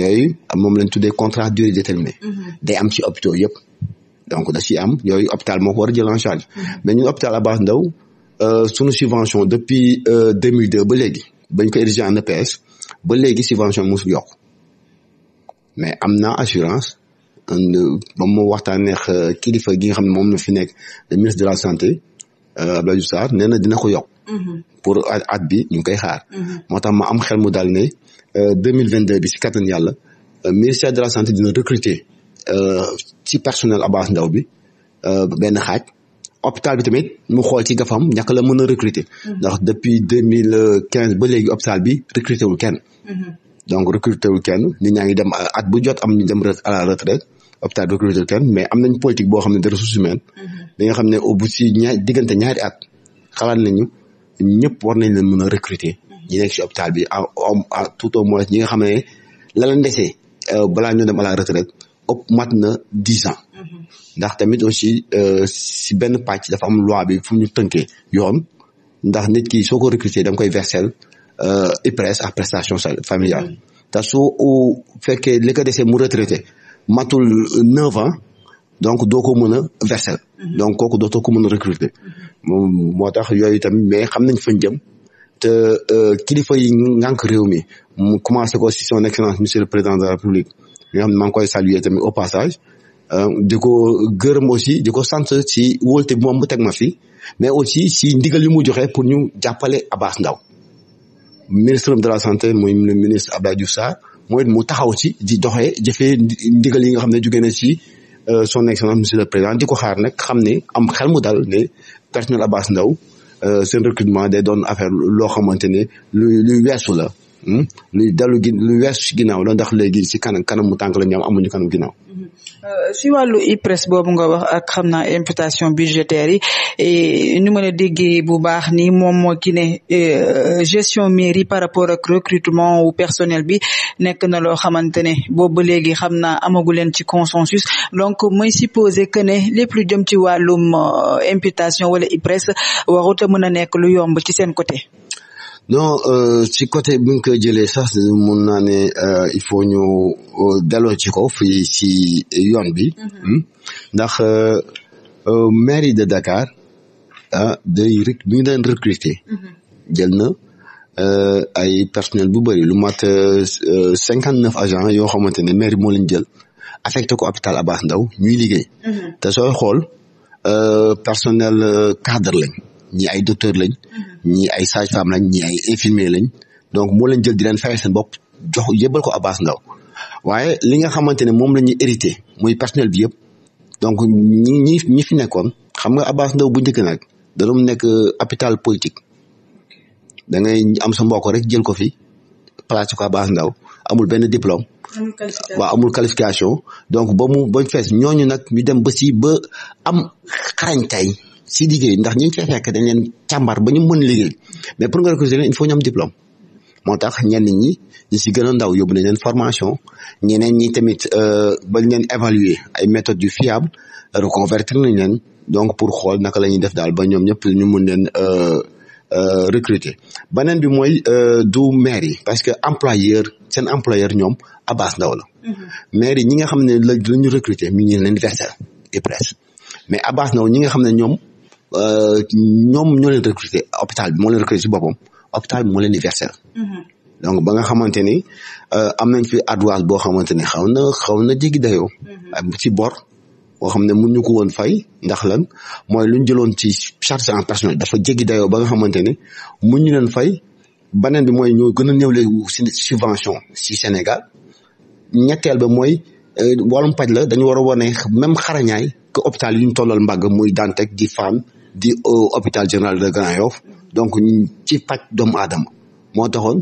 yooyu moom lañ tuddee contrat durée déterminée. Mm-hmm. day am si hôpitaux yëpp. donc da si am yooyu hôpital moo ko war a jël en charge mm-hmm. mais ñun hôpital Abass Ndao euh, sunu subvention depuis euh, deux mille deux ba léegi bañ ko érigé en EPS ba léegi subvention mosul yokk mais am na assurance. Euh, ba mu waxtaan neex kilifa gi nga xam ne moom la fi nekk le de la santé Euh, Abdoulaye Diouf nee na dina ko yokk. Mhm. pour at bi ñu ngi koy xaar. Mhm. moo tax ma am xel mu dal ne euh, deux mille vingt deux bi si kattan yàlla euh, ministère de la santé dina recruter ci personnel Abass ndaw bi benn xaaj. hôpital bi tamit mu xool ci gafam ñàkk la mën a recruter mhm. ndax depuis deux mille quinze ba léegi hôpital bi recruter wul kenn donc recruter wul kenn nit ñaa ngi dem at bu jot am ñu dem à la retraite hôpital recruter kenn mais am nañ politique boo xam ne de ressources humaines mm-hmm. nga xam ne au bout si ñaar diggante ñaari at xalaat nañu ñëpp war nañ leen mën a recruter mm-hmm. ñi nekk si hôpital bi tout au mois ñi nga xam ne la leen euh, balaa ñoo dem à la retraite ëpp mat na dix ans mm-hmm. ndax tamit aussi euh, si benn pàcc dafa am loi bi fu ñu tënkee yoon ndax nit ki soo ko recruter da koy versel euh, IPRES à prestation familiale te su fekkee li ko desee mu retraité matul neuf ans donc doo ko mën a verser mhm. donc kooku dootoo ko mën a recruter mhm. moo tax yooyu tamit mais xam nañ fañ jëm te euh, kilifa yi ngànk réew mi mu commencé ko si son excellence monsieur le président de la république nga xam ngi koy saluer tamit au passage euh, di ko gërëm aussi di ko sant si wóolte bi moom bu teg ma fi mais aussi si ndigal yu mu joxe pour ñu jàppale Abass Ndao ministre de la santé mooy le ministre Abdoulaye Diouf mooy mu taxaw ci di doxe jëfee ndigal yi nga xam ne jóge na ci euh, son excellence monsieur le président di ko xaar nag xam ne am xel mu daal ne na la baas Ndao euh, seen recrutement day doon affaire loo xamante ne lu luy weesu la Hmm? luy dalu gi lu weesu ci ginnaaw la ndax léegi ci kanam kanam mu tànk la ñu am amuñu kanam ginnaaw. si euh, wàllu IPRES boobu nga wax ak xam naa imputation budgétaire yi nu ma la déggee bu baax ni moom moo ki ne euh, gestion mairie par rapport ak recrutement wu personnel bi nekk na loo xamante ne boobu léegi xam naa amagu leen ci consensus donc mooy supposé que ne lépp lu jëm ci wàllum euh, imputation wala IPRES warut a mën a nekk lu yomb ci seen côté. non si euh, côté bu ñu koy jëlee sax mun naa ne euh, il faut ñu euh, delloo ci ko fii si yoon bi mhm. hmm? ndax mairie de Dakar ah day rek bi ñu daan recruter mhm. jël na ay personnel bu bëri lu mat cinquante neuf agents yoo xamante ne mairie moo leen jël affecté ko hôpital Abass Ndao ñuy liggéey mhm. te soo xool personnel cadre lañ ñi ay docteur lañ ñii ay sage-femme lañ ñii ay infirmier lañ donc moo leen jël di leen fayal seen bopp jox yëbbal ko Abass Ndao waaye li nga xamante ne moom lañu ñuy hérité muy personnel bi yëpp donc ñi ñi ñi fi nekkoon xam nga Abass Ndao bu njëkk nag da doon nekk hôpital politique da am sa mbokk rek jël ko fi place ko Abass ndaw amul benn diplôme waaw amul qualification donc ba mu bañ fees ñooñu nag ñu dem ba si ba am xarañ si liggéey ndax ñi ñu fee fekk dañ leen càmbar ba ñu mën liggéey mais pour nga recruter leen il faut ñu moo tax ñenn ñi ñi si gën a ndaw yóbbu nañ leen formation ñeneen ñi tamit euh, ba leen évaluer ay méthodes yu fiable reconvertir nañ leen donc pour xool naka la ñuy def daal ba ñoom ñëpp ñu mën leen euh, euh, recruter beneen bi mooy du maire yi parce que employeur seen employeur ñoom Abass Ndao la mm-hmm. maire ñi nga xam ne la ñu recruter mi ngi leen versé IPRES mais Abass Ndao ñi nga xam ne ñoom Euh, ñoom ñoo leen recruter hôpital bi moo leen recruter ci boppam hôpital bi moo leen di mm-hmm. donc ba nga xamante ni euh, am nañ fi adouage boo xamante ni xaw na xaw na jéggi dayoo. Mm-hmm. ci bor boo xam ne mën ko woon fay ndax lan mooy lu ñu jëloon ci charge en personnel dafa jéggi dayoo ba nga xamante ni mu ñu leen fay beneen bi mooy ñoo gën a néewle subvention si Sénégal ñetteel bi mooy euh, wàllum paj la dañu war a wane même xarañaay que hôpital yi ñu tollal mbàgg muy Dantec di Fann di au euh, hôpital général de Grand Yoff donc ci faj doomu aadama moo taxoon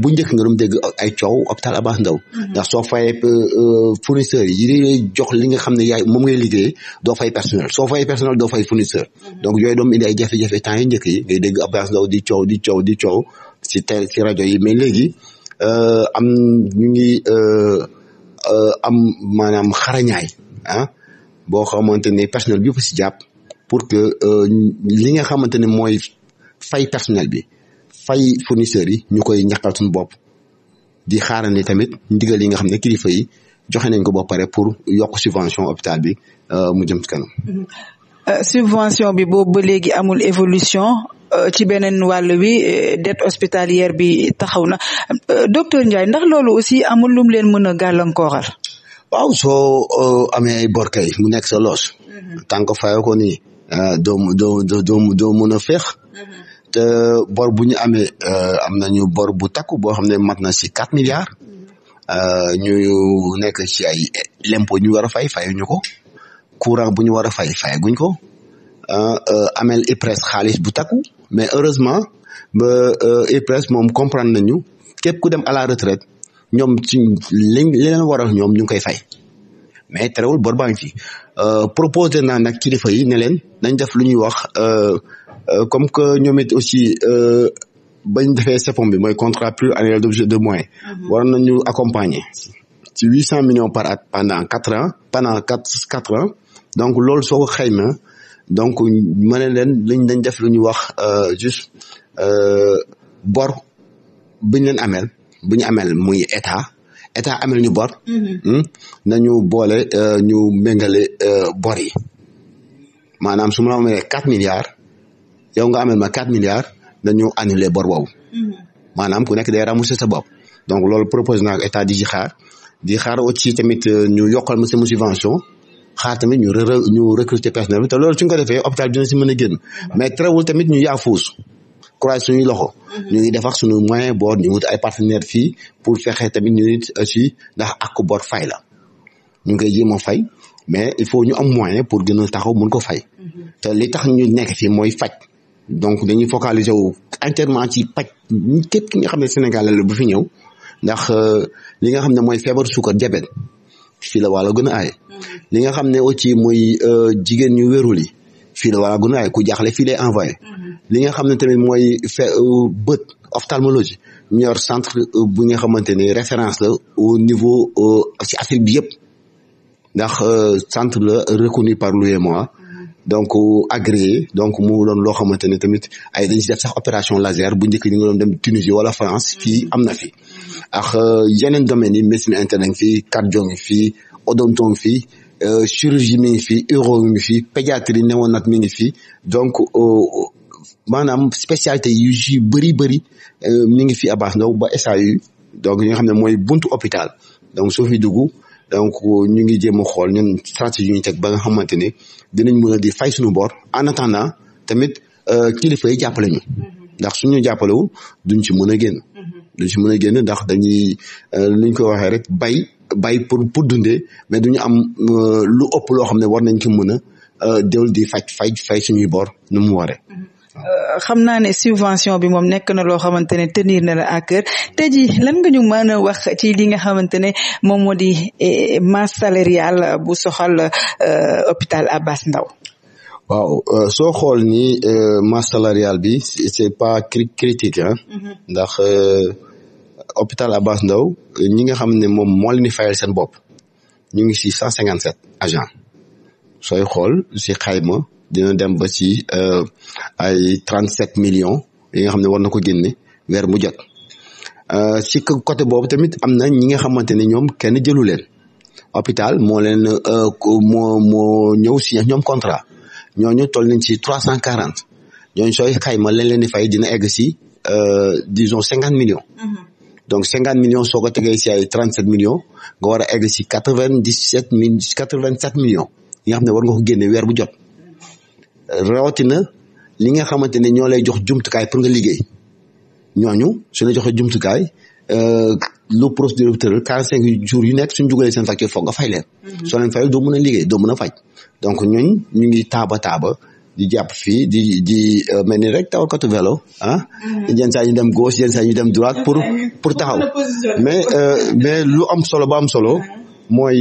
bu njëkk nga doon dégg ay coow hôpital Abass Ndao mhm. ndax soo fayee euh, fournisseur yi lay jox li nga xam ne yaay moom ngay liggéey doo fay personnel soo fayee personnel doo fay fournisseur mhm. donc yooyu doom indi ay jafe-jafe temps yi njëkk yi ngay dégg Abass Ndao di coow di coow di coow si tey si rajo yi mais léegi euh, am ñu ngi am maanaam xarañaay ah boo xamante ne personnel bi fa si jàpp pour que euh, li nga xamante ne mooy fay personnel bi fay fournisseurs yi ñu koy ñaqal suñu bopp di xaarandi tamit ndigal yi nga xam ne kilifa yi joxe nañ ko ba pare pour yokk subvention hôpital bi euh, mu jëm ci kanam. Euh, subvention bi boobu ba léegi amul évolution. ci beneen wàll wi dette hospitalière bi taxaw na docteur Ndiaye ndax loolu aussi amul lum leen mën a gàllankooral. waaw soo amee ay bor kay mu nekk sa loos. Mhm. tant que fayoo ko nii Euh, doo doo doo doo mën a feex mm-hmm. te bor bu ñu amee euh, am nañu bor bu takku boo xam ne mat na si quatre milliards mm-hmm. euh, ñu nekk si ay lempo ñu war a fay fayuñu ko courant bu ñu war a fay fayaguñ ko ameel IPRES xaalis bu takku mais heureusement ba IPRES moom comprendre nañu képp ku dem à la retraite ñoom ci li leen waral ñoom ñu ngi koy fay mais terewul bor baa ngi ci euh, proposé naa nag kilifa yi ne leen nañ def lu ñuy wax euh, euh, comme que ñoom it aussi bañ defee CPOM bi mooy contrat pluriannuel d'objet de moyens mhm. waroon nañu accompagner ci huit cent millions par at pendant quatre ans pendant quatre quatre ans donc loolu soo ko ma donc ma ne leen liñ dañ def lu ñuy wax juste bor biñ leen ameel bu ñu ameel muy état état amel ñu bor mm-hmm. hmm? nañu boole euh, ñu méngale euh, bor maanaam su ma amee quatre milliards yow nga amel ma quatre milliards nañu annulé bor boobu mm-hmm. maanaam ku nekk day remboursé sa bopp donc lool proposé naa état di ci xaar di xaar aussi tamit euh, ñu yokkal ma mu subvention xaar tamit ñu ñu recruter personnel bi te loolu suñ ko defee hôpital dina si mën a génn mm-hmm. tamit ñu yaafuus croise suñuy loxo mm-hmm. ñu ngi defar suñu moyen boor ñu wut ay partenaire fii pour fexe tamit ñu nit aussi ndax ak boor fay la ñu ngi koy jéem a fay mais il faut ñu am moyen pour gën a taxaw mun ko fay mm-hmm. te li tax ñu nekk fii mooy faj donc dañuy focaliser wu entièrement ci paj ñu ki nga xam ne Sénégal la bu fi ñëw ndax euh, li nga xam ne mooy feebar suukar diabète fii la wàlla gën a aaye mm-hmm. li nga xam ne aussi mooy euh, jigéen ñu wérul yi fii la wàlla gën a ku jaaxle fii lay envoyé li nga xam ne tamit mooy fe euh, bët ophtalmologie ñu centre euh, bu nga xamante ne référence la au niveau euh, ci Afrique bi yëpp ndax centre la reconnu par lu l'UEMOA donc agréé donc mu loon loo xamante ne tamit ay dañ si def sax opération laser bu njëkk ñu ngi doon dem Tunisie wala France fii am na fi ak yeneen domaines yi médecine interne ngi fii cardio ngi fii odonto ngi fii chirurgie mi ngi fii uro mi ngi fii pédiatrie néonat mi ngi fii donc maanaam spécialité yu ji bëri bëri euh, mi ngi fi Abass Ndao ba SAU donc ñi nga xam ne mooy buntu hôpital donc soo fi dugg donc ñu ngi jéem a xool ñun stratégie yu ñu teg ba nga xamante ne dinañ mën a di fay suñu bor en attendant tamit euh, kilifa jàppale ñu ndax suñu jàppalewul duñ ci mën a génn duñ ci a génn ndax dañuy luñ euh, koy waxee rek bay bay pour pour dundee mais duñu am lu ëpp loo xam ne war nañ ki mën a del di faj faj fay suñuy boor nu mu waree Euh, xam naa ne subvention bi moom nekk na loo xamante ne tenir na la à te ji lan nga ñu mën a wax ci li nga xamante ne moom moo di eh, masse salariale bu soxal euh, hôpital à Ndao waaw euh, soo xool ni masse salariale bi c'est pas critique ah ndax hôpital Abass Ndao ñi nga xam ne moom moo leen di fayal seen bopp ñu ngi si cent cinquante sept agent sooy xool si xayma dina dem ba ci euh, ay trente sept millions yi nga xam ne war na ko génne weer bu jot euh, ci côté boobu tamit am na ñi nga xamante ne ñoom kenn jëlu leen hôpital moo leen euh, moo moo ñëw si ñoom contrat ñooñu toll nañ ci trois cent quarante ñooñu sooy xayma lañ leen di fay dina egg si disons cinquante millions. Mm-hmm. donc cinquante millions soo ko tegee si ay trente sept millions nga war a egg si quatre vingt dix sept mille nga xam ne war nga ko génne weer bu jot. rawatina li nga xamante ne ñoo lay jox jumtukaay pour nga liggéey ñooñu su la joxee jumtukaay euh, lu procédure bi tëral quarante cinq jours yu nekk suñ jugalee seen facture foog nga fay leen mhm. soo leen fayal doo mën a liggéey doo mën a faj donc ñooñ ñu ngi taaba taaba di jàpp fii di di euh, mel ni rek tawalkatu vélo ah mhm. yenn saa ñu dem gauche yenn saa ñu dem droite pour pour taxaw mais euh, mais lu am solo ba am solo mhm. mooy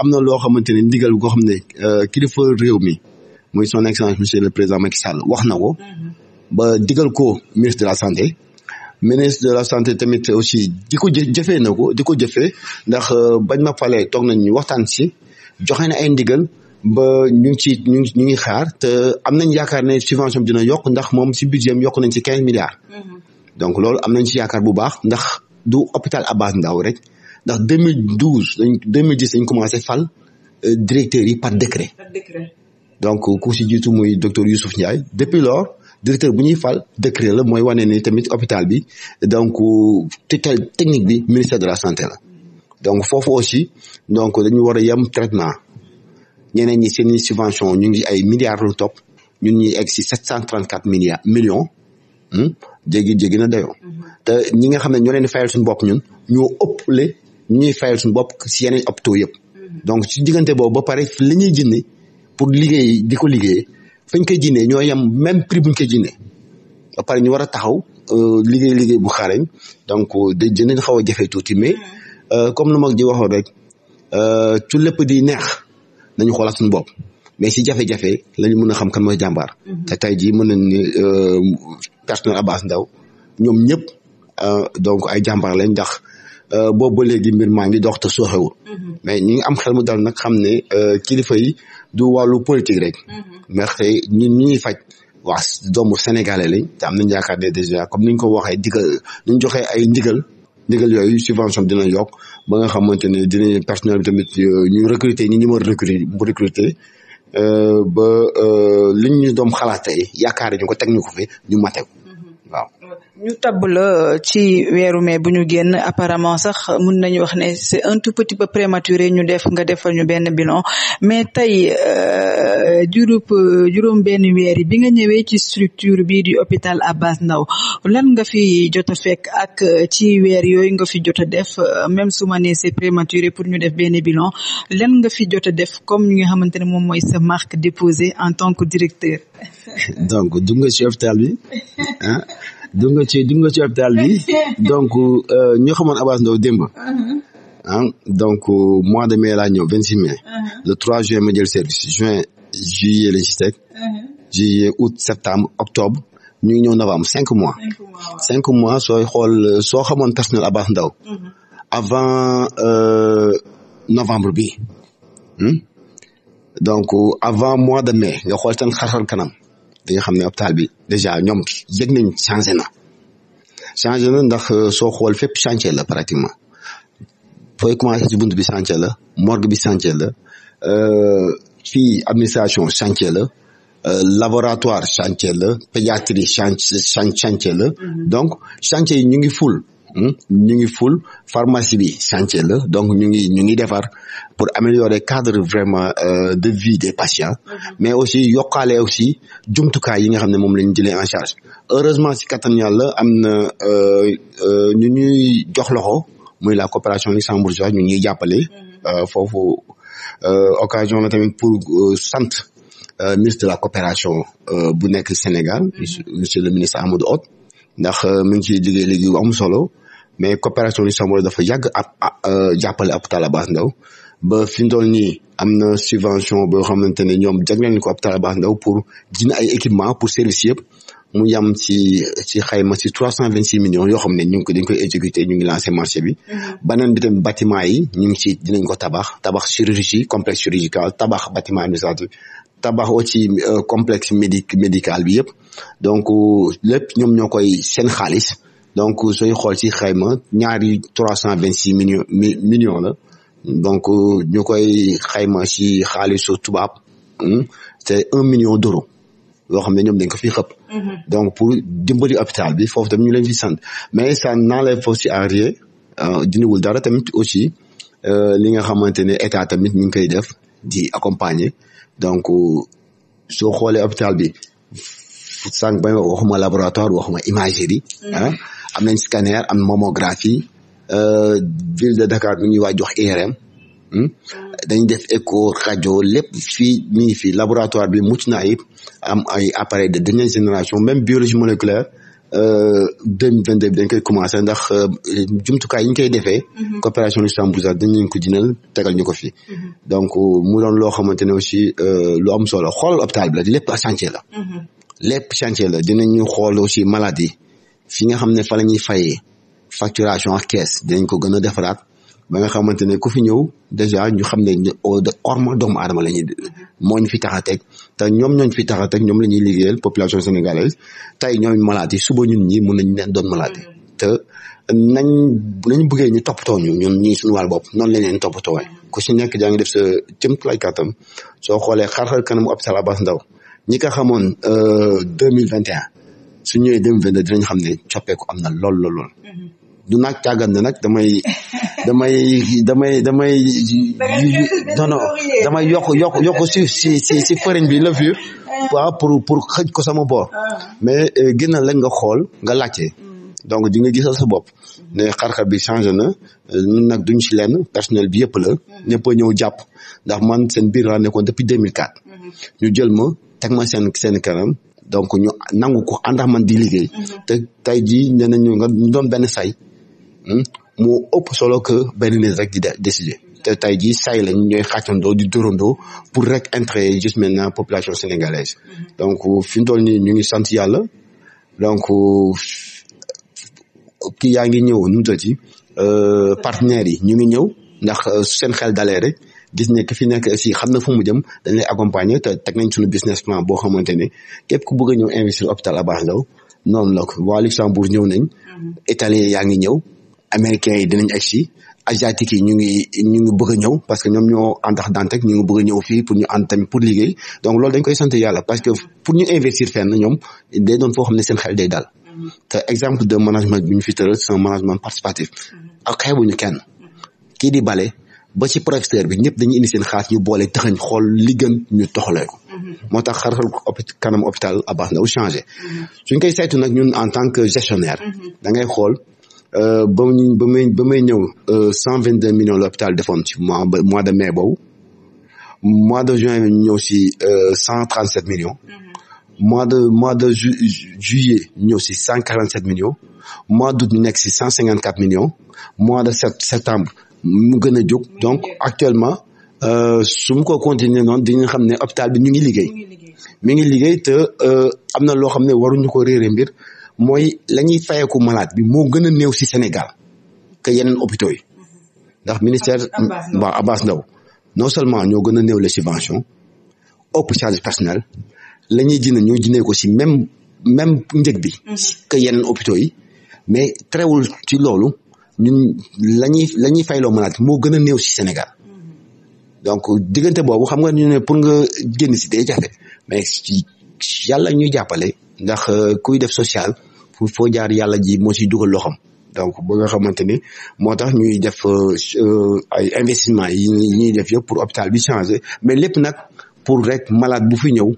am na loo xamante ne ndigal goo xam ne kilifa réew mi muy son excellence monsieur le président Macky wax na ko ba digal ko ministre de la santé ministre de la santé tamit aussi di ko jë jëfee na ko di ko jëfee ndax euh, bañ ma falee toog nañ waxtaan si joxe na ay ndigal ba ñu ngi ci ñu ngi ñu ngi xaar te am nañ yaakaar ne subvention bi dina yokk ndax moom si budget yokk nañ ci quinze milliards donc loolu am nañ ci yaakaar bu baax ndax du hôpital Abass Ndao rek ndax 2012 dañ 2010 dañ commencé fal euh, directeurs yi par décret. par décret. donc ku si jiitu muy docteur Youssouf directeur bu ñuy fal décret la mooy wane ni tamit hôpital bi donc tutelle technique bi ministère de la santé la donc foofu aussi donc dañuy war a yem traitement ñeneen ñi seen subvention ñu ngi ay milliare lu topp ñun ñuy egg si sept cent trente quatre milliards million hmm? jéggi jéggi na dayoo mm-hmm. te ñi nga xam ne ñoo leen di fayal bopp ñun ñoo ëppale ñu ñuy fayal suñu bopp si yeneen hôpitaux yëpp mm-hmm. donc si diggante boobu ba pare pour liggéey di ko liggéey fañ koy jinnee ñoo yam même prix buñ koy jinnee ba pare ñu war a taxaw euh, liggéey liggéey bu xarañ donc euh, da dinañ xaw a jafe tuuti mais mm-hmm. euh, comme lu mag ji waxoon rek su lépp di neex nañu xoolaat suñu mais si jafe-jafe lañu mën a xam kan mooy jàmbaar mm-hmm. te tey jii mën nañ ni a Abass Ndao ñoom ñëpp donc ay jàmbaar lañ ndax boobu ba léegi mbir maa ngi dox te sooxewul mm-hmm. mais ñi am xel mu dal nag xam ne kilifa yi du wàllu politique rek. Mhm. mais xëy ñun ñuy faj. waa doomu sénégalais lañ te am nañ yaakaar ne déjà comme ñu ko waxee digal niñ joxee ay ndigal ndigal yooyu subvention bi dina yokk ba nga xamante ne dinañ personnel bi tamit euh, ñu recruter ñi ñu mën recruter bu recruter euh, ba euh, liñ ñu doom xalaat tey yaakaar ñu ko teg ñu ko fi ñu mate ko mhm. waaw ñu tabb euh, ci weeru mai bu ñu génn apparemment sax mun nañu wax ne c'est un tout petit peu prématuré ñu def nga defal ñu benn bilan mais tey euh, juróom euh, juróom benn weer bi nga ñëwee ci structure bii di hôpital Abass ndaw lan nga fi jot a fekk ak ci weer yooyu nga fi jot a def même suma ma nee c'est prématuré pour ñu def benn bilan lan nga fi jot a def comme ñi nga xamante ne moom mooy sa marque déposée en tant que directeur [LAUGHS] donc dugg nga ci hôpital bi [LAUGHS] dugg nga ci dugg nga ci hôpital bi [LAUGHS] donc euh, ñu xamoon Abass Ndao démb uh-huh. ah donc mois de mai la ñëw vingt six mai uh-huh. le trois juin ma jël service juin juillet lañ si teg juillet septembre octobre ñu ngi ñëw novembre cinq mois cinq mois sooy xool soo xamoon personnel Abass Ndao uh-huh. avant euh, novembre bi hmm? donc avant mois de mai nga xool seen xar-xar kanam dañu xam ne hôpital bi déjà ñoom yëg nañ changé na changé na ndax euh, soo xool fépp chantier la pratiquement fooy commencé ci bunt bi chantier la morgue bi chantier la fii euh, administration chantier la euh, laboratoire chantier la pédiatrie chantier la mm-hmm. donc chantier ñu ngi ful Hmm? ñu ngi ful pharmacie bi chantier la donc ñu ngi ñu ngi defar pour améliorer cadre vraiment euh, de vie des patients mm-hmm. mais aussi yokkaale aussi jumtukaay yi nga xam ne moom la ñu jëlee en charge heureusement si kattan yàlla am na euh, euh, ñu ñuy jox loxo muy la coopération luxembourgeoise ñu ñuy jàppale mm-hmm. foofu occasion la tamit pour sant ministre de la coopération bu nekk Sénégal mm-hmm. monsieur le ministre Amadou Hott ndax euh, mi ngi ciy liggéey liggéey bu am solo mais coopération luxembourg dafa yàgg ab euh, jàppale ab Talabas Ndaw ba fi mu toll nii am na subvention boo xamante ne ñoom jagleel nañ ko ab Talabas Ndaw pour dina ay équipement pour service yëpp mu yam ci ci xayma ci trois cent vingt six millions yo xam ne ñu ngi ko dañ koy exécuté ñu ngi lancé marché bi. Mm-hmm. beneen bi tamit bâtiment yi ñu ngi ci dinañ ko tabax tabax chirurgie complexe chirurgical tabax bâtiment administratif tabax aussi euh, complexe médic médical bi yëpp donc euh, lépp ñoom ñoo koy seen xaalis donc euh, sooy xool ci xayma ñaari trois cent vingt six millions millions la donc ñu koy xayma ci xaalisu tubaab hmm? c'est un million d'euros yoo xam ne ñoom dañ ko fi xëpp mm-hmm. donc pour dimbali hôpital bi foofu tamit ñu leen fi sant mais ça n'enlève aussi à rien dindiwul dara tamit aussi li nga xamante ne état tamit ñu ngi koy def di accompagner donc euh, soo xoolee hôpital bi sànq ba ma waxuma laboratoire waxuma imagerie ah am nañ scanner am mammographie euh, ville de Dakar bi ñuy waa jox IRM hmm, dañ def écho rajo lépp fii mi ngi fii laboratoire bi mucc na ayib am ay appareil de dernière génération même biologie moléculaire deux mille vingt deux bi dañ koy commencé ndax euh, jumtukaay yi ñu koy defee. Mhm. coopération Luxembourgeoise dañ leen ko jinal tegal ñu ko fi. Mhm. donc mu doon loo xamante ne aussi euh, lu am solo xoolal hôpital bi la lépp chantier la. Mhm. lépp chantier la dinañu xool aussi maladie fi nga xam ne fa la ñuy fayee facturation ak caisse dinañ ko gën defaraat ba nga xamante ne ku fi ñëw déjà ñu xam ne ñu euh, orma doomu aadama la ñuy moo ñu fi tax a teg te ñoom ñooñ fi tax a teg ñoom la ñuy liggéeyal population sénégalaise tey ñooy malaat suba ñun ñi mën nañ leen doon malaat yi mm. te nañ nañ bëggee ñu toppatoo ñu ñun ñii suñu wàll bopp noonu lañ leen toppatoo mm. ku si nekk jaa ngi def sa cëmtulaay kàttan soo xoolee xar-xar kanamu hôpital Abass Ndao ñi ko xamoon euh, deux mille vingt et un su ñëwee deux mille vingt deux dinañ xam ne coppeeku am na lool lool lool. Mm-hmm. du naag càggat ne nag damay [LAUGHS] damay damay damay non damay yokk yokk yokk suuf si si si farine bi levure waaw pour pour xëj ko sama boor ah. mais euh, génna lañ nga xool nga laajte mm. donc di nga gisal sa bopp ne xarxar bi changé na euh, ñun nag duñ ci lenn personnel bi yëpp la mm. ñëpp ñëw jàpp ndax man seen biir laa nekkoon depuis mille 2004 mm-hmm. ñu jël ma teg ma seen seen kanam donc ñu nangu ko àndax man di liggéey mm-hmm. te tey jii nee nañu nga ñu doon benn say hmm? moo ëpp solo que benn nit rek di décider te tey jii say lañ ñooy xàccandoo di dóorandoo pour rek intérêt juste maintenant population sénégalaise donc fi mu toll nii ñu ngi sant yàlla donc kii yaa ngi ñëw nu mu tëddi euh, partenaires yi ñu ngi ñëw ndax euh, seen xel dalee rek gis ne ki fi nekk aussi xam na fu mu jëm dañ lay accompagner te teg nañ suñu business plan boo xamante ne képp ku bëgg a ñëw investir hôpital Abass Ndao noonu la ko waa Luxembourg ñëw nañ mm-hmm. italien yaa ngi ñëw américains yi dinañ egg si asiatiques yi ñu ngi ñu ngi bëgg ñëw parce que ñoom ñoo ànd ak Dantec ñu ngi bëgg ñëw fii pour ñu ànd tamit pour liggéey donc loolu dañ koy sant yàlla parce que pour ñu investir fenn ñoom day doon foo xam ne seen xel day daal mm-hmm. te exemple de management bi ñu fi tëral c'est un management participatif mm-hmm. ak ñu kenn mm-hmm. kii di bale ba ci professeur bi ñëpp dañuy indi seen xaas ñu boole taxañ xool li gën ñu toxalee ko moo tax xarxal kanam hôpital Abass Ndao changé suñ koy saytu nag ñun en tant que gestionnaire da ngay xool Euh, ba ñu ba may ba may ñëw euh, cent vingt deux millions l'hôpital defoon ci mois mois de mai boobu mois de juin ñu ñëw si euh, cent trente sept millions mm-hmm. mois de mois de ju juillet ñëw si cent quarante sept millions mois d'août ñu nekk si cent cinquante quatre millions mois de sept septembre mu gën a jóg donc actuellement sumu mu ko continuer noonu di nga xam ne hôpital bi ñu ngi liggéey mi ngi liggéey te am na loo xam ne waruñu ko réere mbir mooy la ñuy fayeeku malaat bi moo gën a néew si Sénégal que yeneen hôpitaux yi ndax ministère mm, waaw Abbas Ndao non seulement ñoo gën a néew les subventions ëpp charge personnel la ñuy jënd ñoo jëndee ko si même même njëg bi mm-hmm. que yeneen hôpitaux yi mais terewul ci loolu ñun la ñuy la ñuy fayloo malade moo gën a néew si Sénégal mm-hmm. donc diggante boobu xam nga ñu ne pour nga génn si day jafe mais yàlla ñuy jàppale ndax euh, kuy def sociale fu foo jaar yàlla ji moo siy dugal loo xam donc ba nga xamante ni moo tax ñuy def euh, ay investissement yi ñuy def yëpp pour hôpital bi changer mais lépp nag pour rek malade bu fi ñëw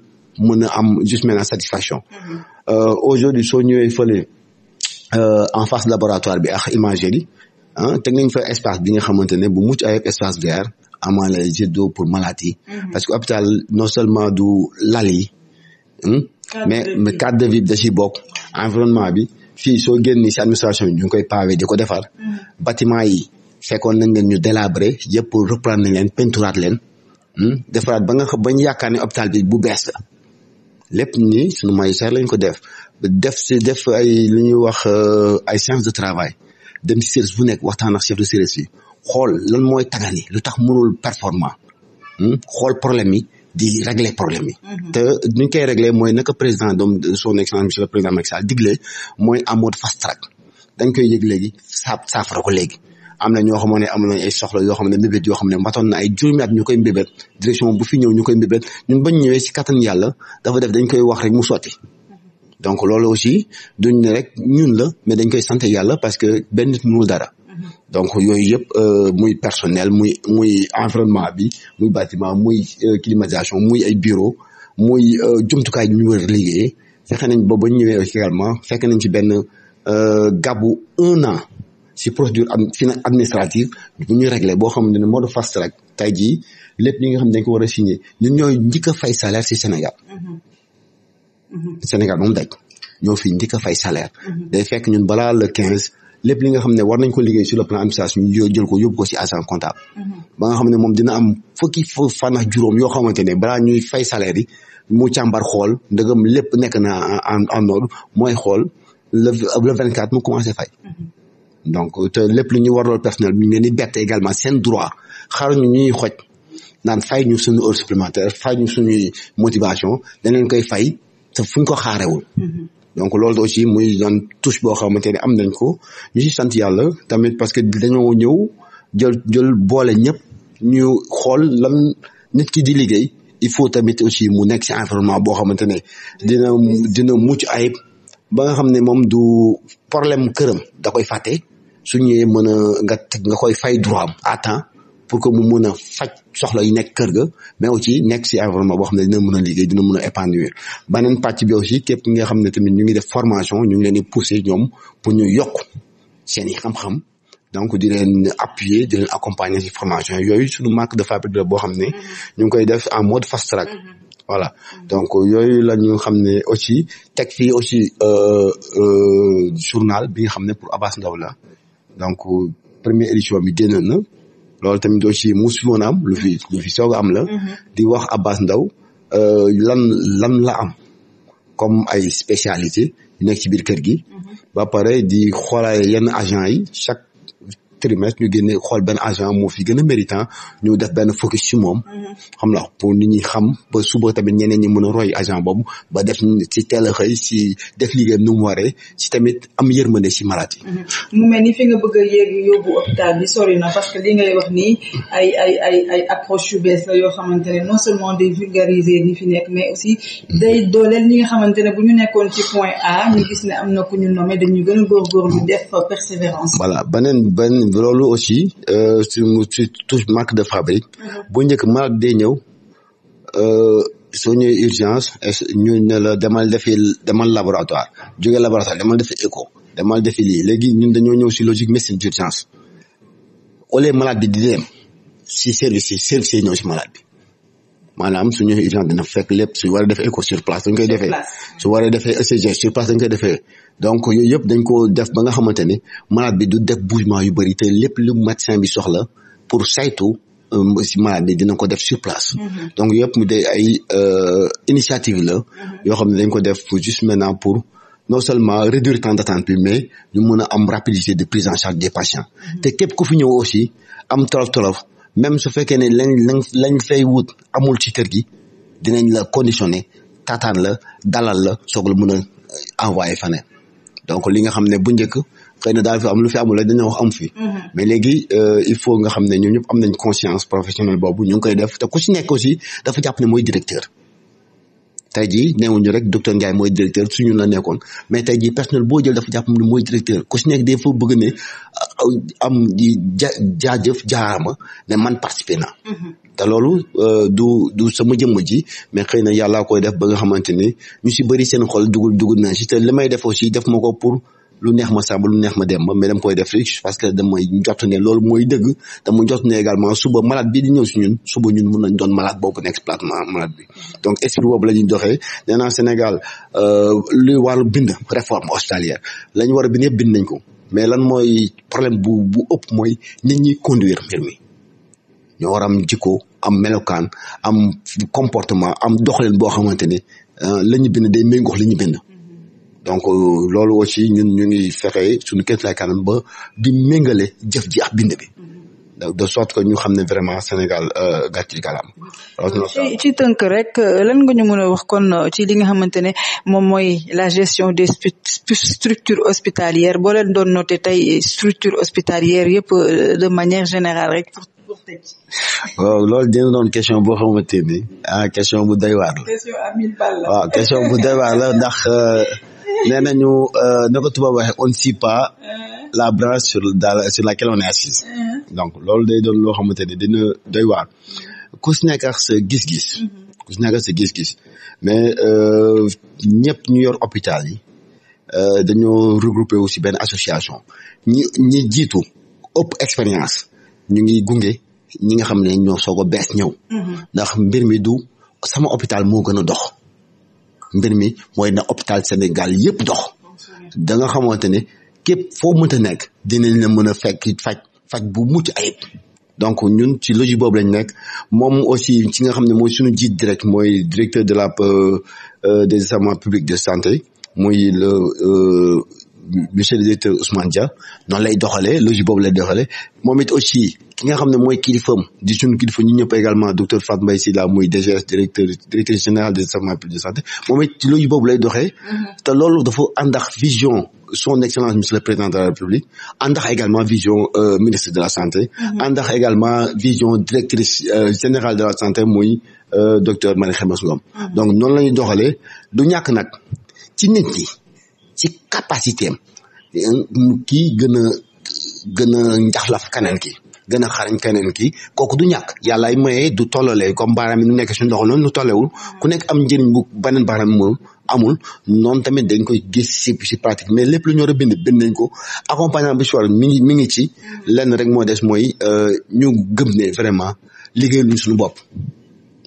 mën a am juste maintenant satisfaction mm-hmm. euh, aujourd'hui soo ñëwee fële euh, en face laboratoire bi ak imagerie ah teg nañ fa espace bi nga xamante ne bu mucc ayib espace vert amaana la jet d'eau pour malade yi mm-hmm. parce que hôpital non seulement du lal yi hmm, mais mais de vie da ciy bokk environnement bi fii soo génni si administration bi ñu ngi koy pavé di ko defar mm. bâtiment yi fekkoon nañ leen ñu délabré yëpp reprendre leen peinturaat leen mm. defaraat ba nga xam ba ñu yaakaar ne hôpital bi bu bees la lépp nii suñu magistère lañ ko def def si def ay li ñuy wax euh, ay séance de travail dem si service bu nekk waxtaan ak chef de service bi xool lan mooy tagal lu tax mënul performant mm. xool problème yi di régler problème yi. Mm-hmm. te nuñ koy régler mooy naka président doom son excellence monsieur le président Macky Sall digle mooy en mode fast track dañ koy yëg léegi saaf saafara ko léegi. am na ñoo xam ne am nañ ay soxla yoo xam ne mbébét xam ne mbatoon na ay juróomi at ñu koy mbébét direction bu fi ñëw ñu koy mbébét ñun bañ ñëwee si kattan yàlla dafa def dañ koy wax rek mu sotti. Mm-hmm. donc loolu aussi duñ ne rek ñun la mais dañ koy sant yàlla parce que benn nit mënul dara. donc yooyu yëpp euh, muy personnel muy muy environnement bi muy bâtiment muy euh, climatisation muy ay bureau muy euh, jumtukaay ñu war liggéey fexe nañ ba ba ñëwee aussi également fekk nañ ci benn gabu un an si procédure administrative bu ñuy réglé boo xam ne moo de fast rek tey jii lépp ñi nga xam ne dañ ko war a signé ñun ñooy njëkk a fay salaire si Sénégal mm-hmm. Mm-hmm. Sénégal moom daj ñoo fi njëkk fay salaire mm-hmm. day fekk ñun balaa le quinze lépp li nga xam ne war nañ ko liggéey si le plan administration ñu ko yóbbu ko si agent comptable mm-hmm. nga xam ne moom dina am fukki fan ak juróom yoo xamante ne balaa ñuy fay salaire yi mu càmbar xool ndëgam lépp nekk na en en ordre mooy xool le mu commencé fay mm-hmm. donc te lépp lu ñuy warlool personnel bi ñu leen di bett également seen droit xaruñu ñuy xoj naan fay ñu suñu heure supplémentaire fay suñuy motivation dañ koy fay te fu ñu ko xaarewul mm-hmm. donc loolu aussi muy daan touche boo xamante ne am nañ ko ñu ci sant yàlla tamit parce que dañoo ñëw jël jël boole ñëpp ñu xool lan nit ki di liggéey il faut tamit aussi mu nekk ci environnement boo xamante ne dina dina mucc ayib ba nga xam ne moom du problème këram da koy fàtte su ñëwee mën a nga nga koy fay droit am à temps pour que mu mun a faj soxla yi nekk kër ga mais aussi nekk si environnement boo xam ne dina mun a liggéey dina mun a épanouir beneen pàcc bi aussi képp nga xam ne tamit ñu ngi def formation ñu ngi leen di pousser ñoom pour ñu yokk seen i xam-xam donc appuyer di accompagner si formation yooyu suñu marque de fabrique la boo xam ne ñu ngi koy def en mode fast track voilà donc yooyu la ñu xam ne aussi teg fii aussi euh, euh, journal bi nga xam ne pour Abass Ndao la donc euh, première édition bi génn loolu tamit aussi musu woon am lu fi lu fi soog am la. Mm-hmm. di wax a Ndao euh, lan lan la am comme ay spécialité yu nekk ci biir kër gi. Mm-hmm. ba pare di xoolaay yenn agent yi chaque. trimestre ñu génne xool benn agent moo fi gën a méritant ñu def benn focus ci moom. xam la pour nit ñi xam ba suba tamit ñeneen ñi mën a roy agent boobu ba def ci teel a xëy si def liggéeyam nu mu waree tamit am yërmande si malade mm-hmm. mu mel ni bi sori na ngay wax nii ay ay ay ay approche yu bees yoo xamante ne non seulement day vulgariser ñi fi nekk mais aussi day dooleel ñi nga xamante nekkoon ci point A ñu gis ne am na ku ñu nommé dañuy gën a góorgóorlu def persévérance. voilà beneen beneen loolu aussi euh, su su touche marque de fabrique mhm. bu njëkk malade de ñëw euh, soo ñëwee urgence ñu ne la demal defi demal laboratoire jóge laboratoire demal defi écho demal defi lii léegi ñun dañoo ñëw si logique médecine d'urgence au lieu malade bi di dem si service yi service yi ñëw si malade bi maanaam suñu urgence dina fekk lépp su war def écho dañ koy defee donc yëpp dañ ko def ba nga xamante ni malade bi du def bougement yu bëri te lépp lu médecin bi soxla pour saytu euh, si bi dina ko def sur place mm-hmm. donc yëpp mu day ay euh, initiative la mm-hmm. yoo xam ne dañ ko def juste maintenant pour non seulement réduire temps d'attente bi mais ñu mën a am rapidité de prise en charge des patients mm-hmm. te képp ku fi ñëw aussi am tolof tolof même su fekkee ne lañ lañ lañ fay wut amul ci kër gi dinañ la conditionné taataan la dalal la soog la mën a euh, envoyé faneen donc li nga xam ne bu njëkk xëy na daal fi am lu fi amul la dañoo wax am fi mm-hmm. mais léegi euh, il faut nga xam ne ñoom ñëpp am nañ conscience professionnelle boobu ñu ngi koy def te ku si nekk aussi dafa jàpp ne mooy directeur tey jii neewuñu rek docteur Ndiaye mooy directeur suñu la nekkoon mais tey ji personnel boo jël dafa jàpp ne mooy directeur ku si nekk dafa bëgg ne ah, am di ja jaajëf jaarama ne man participer na mm-hmm. te loolu euh, du du sama jëmm ji mais xëy na yàllaa koy def ba nga xamante ni ñu si bari seen xol dugul dugul na si te li may def aussi def ma ko pour. lu neex ma sàmb lu neex ma dem ba mais dama koy def rek parce que damay jot ne loolu mooy dëgg te mu jot ne également suba malade bi di ñëw si ñun suba ñun mun nañ doon malade boobu nekk platement malade bi donc esprit boobu la ñuy doxee nee naa Sénégal euh, luy wàllu bind réforme hospitalière la ñu war a bind bind nañ ko mais lan mooy problème bu bu ëpp mooy nit ñi conduire mir mi ñoo war am jikko am melokaan am comportement am doxalin boo xamante ne euh, la ñu bind day méngoox li ñu bind donc euh, loolu aussi ñun ñu ngi fexe suñu kéem lay kanam ba di méngale jëf ji ak bind de sorte que ñu xam ne vraiment Sénégal euh, gàcci galam ci tënk rek euh, lan nga ñu mën a wax kon ci li nga xamante ne moom mooy la gestion des structures hospitalières boo leen doon noté tey structure hospitalière yëpp de manière générale rek pour tëj waaw loolu dina doon question boo xamante ni ah, question bu doy la waaw question bu doy la ndax [LAUGHS] nee nañu euh, na ko tubaab waxee on ne scie pas euh. la branche sur la sur laquelle on est euh. donc loolu day doon loo xamante ne dina doy waar ku sa gis-gis mm-hmm. ku si nekk sa gis-gis mais ñëpp ñu yor hôpital yi dañoo regroupé wu si benn association ñi ñi jiitu ëpp expérience ñu ngi gunge ñi nga xam ne ñoo soog a bees ñëw mm-hmm. ndax mbir mi du sama hôpital moo gën a dox mbir mi mooy na hôpital Sénégal yëpp dox da nga xamante ne képp foo mënta nekk dinañ la mën a fekk faj faj bu mucc ayib donc ñun ci logique boobu lañ nekk moom aussi ci nga xam ne mooy suñu jiit direct mooy directeur de la euh, euh, des établissements publics de santé muy le euh, monsieur le directeur Ousmane Dia noonu lay doxalee logique boobu lay doxalee moom it aussi ki nga xam ne mooy kilifam di suñu kilifa ñu ñëpp également docteur Fatou Mbaye Sylla muy DGS directeur directeur général des établissements publics de santé moom it ci loolu boobu lay doxee mm-hmm. te loolu dafa ànd ak vision son excellence monsieur le président de la également vision euh, ministre de la santé mm-hmm. ànd également vision directrice euh, générale de la santé muy euh, docteur Marie Khemesse Ngom mm-hmm. donc noonu la ñu doxalee du ñàkk nag ci nit ñi ci capacité am kii gën a gën a njaxlaf kaneen ki gën a xarañ keneen ki kooku du ñàkk yàllaay maye du tollale comme baaraam yi nu nekk suñu ndox noonu nu tollewul ku nekk am njëriñ bu beneen baaraam moom amul noonu tamit dañ koy gis si si pratique mais lépp lu ñu war a bind bind nañ ko accompagnement bi si war mi ngi ci lenn rek moo des mooy euh, ñu gëm ne vraiment liggéey luñ suñu bopp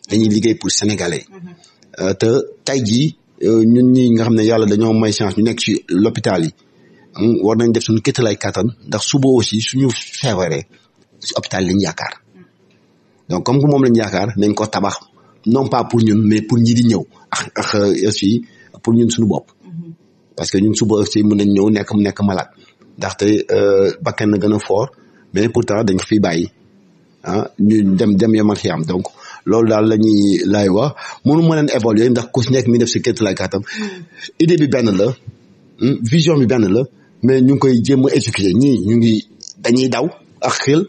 dañuy liggéey pour sénégalais euh, te tey jii euh, ñun ñi nga xam ne yàlla dañoo may chance ñu nekk ci l'hôpital yi hmm, war nañ def suñu kéttalay kattan ndax suba aussi suñu feebaree si hôpital lañu yaakaar donc comme que moom lañu yaakaar nañ ko tabax non pas pour ñun mais pour ñii di ñëw ak ak euh, aussi pour ñun suñu bopp mm-hmm. parce que ñun suba aussi mën nañ ñëw nekk mu nekk malade ndaxte euh, ba kenn gën a fort mais pourtant dañ ko fiy bàyyi ah ñu dem dem yamal xiyaam donc loolu daal la ñuy laay wax mënu ma leen évaluer ndax ku si nekk mi def si képp la gàttam mm-hmm. idée bi benn la hmm? vision bi benn la mais ñu ngi koy jéem a éduquer ñu ngi dañuy daw ak xel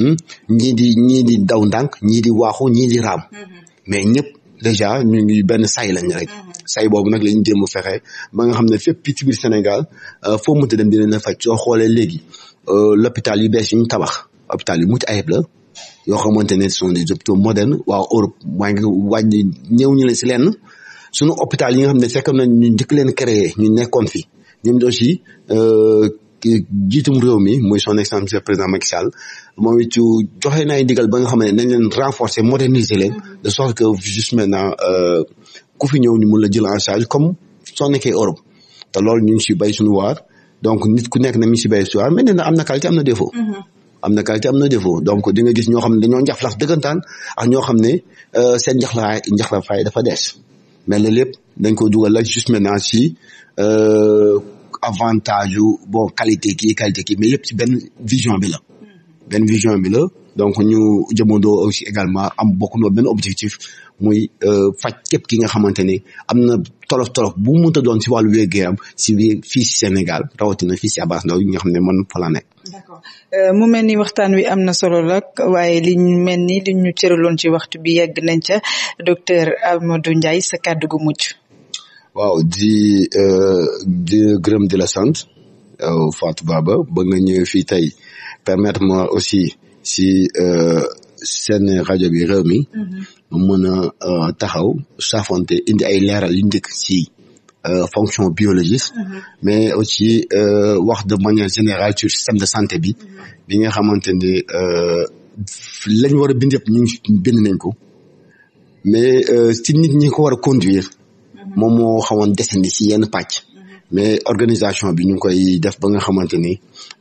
Hmm? ñii di ñii di daw ndànk ñii di waaxu ñii di raam hmm. mais ñëpp déjà ñu ngi benn say lañ rek hmm. say boobu nag la ñu jéem fexe ba nga xam ne fépp ci biir Sénégal euh, foo mënta dem dinañ la faj soo xoolee léegi euh, l'hôpital yu bees yi ñu tabax hôpital yu mucc ayib la yoo xamante ne ce sont des hôpitaux modernes waa Europe waa ngi wàññi ñëw ñu leen si lenn sunu hôpital yi nga xam ne fekk nañ ñu njëkk leen créer ñu nekkoon fi ñoom aussi euh, jiitum réew mi muy son excellence monsieur président Macky Sall moo it joxe na ay digal ba nga xam ne nañ leen renforcer moderniser leen de sorte que juste maintenant euh, ku fi ñëw ñu mun la jël en charge comme soo nekkee Europe te loolu ñu ngi si bay suñu waar donc nit ku nekk na mi si bay suñu waar mais nee na am na qualité am na défaut. Mm-hmm. am na qualité am na défaut donc di nga gis ñoo xam ne dañoo njaxlaaf dëggantaan a ñoo xam ne euh, seen njaxlaay njaxlafaay dafa des mais loolu lépp dañ ko dugal la juste maintenant si. avantage yu bon qualité kii qualité kii mais yëpp ci benn vision bi la benn vision bi la donc ñu jëmandoo aussi également am bokkandoo benn objectif muy euh, faj képp ki nga xamante ni am na tolof tolof bu mu mënta doon ci wàllu wér-gu-yaram ci biir fii ci Sénégal rawatina fii ci Abass Ndao yi xam ne man fa la euh, mu mel ni waxtaan wi am na solo la waaye li ñu mel ni li ñu cëraloon ci waxtu bi yegg nañ ca docteur Amadou Ndiaye sa kàddu gu mujj. waaw di euh, di gërëm di la sant Fatou Baba ba nga ñëwee fii tey permettre moi aussi si euh, seen rajo bi réew mi mhm. mën a euh, taxaw saafonte indi ay leeral yu njëkk si fonction biologiste mhm. mais aussi wax de manière générale sur système de santé bi mhm. bi nga xamante ni lañ war a bind yëpp ñu bind nañ ko mais ci nit ñi ko war a conduire moom moo xawoon desandi si yenn pàcc mais organisation bi ñu koy def ba nga xamante ni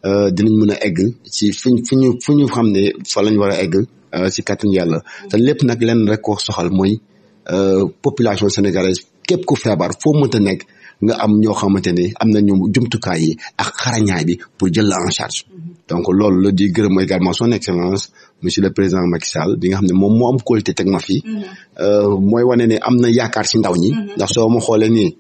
euh, dinañ mën a egg si fuñ fu ñu fu ñu xam ne fa lañ war a egg si euh, kattan yàlla te lépp nag lenn rek ko soxal mooy euh, population sénégalaise képp ku feebar foo mënta nekk nga am ñoo xamante ne am nañu jumtukaay yi ak xarañaay bi pour jël la en charge donc loolu la di gërëm également son excellence monsieur le président Macky Sall bi nga xam ne moom moo am qualité teg ma fii mm-hmm. euh, mooy wane ne am na yaakaar si ndaw ñi mm-hmm. ndax soo ma xoolee nii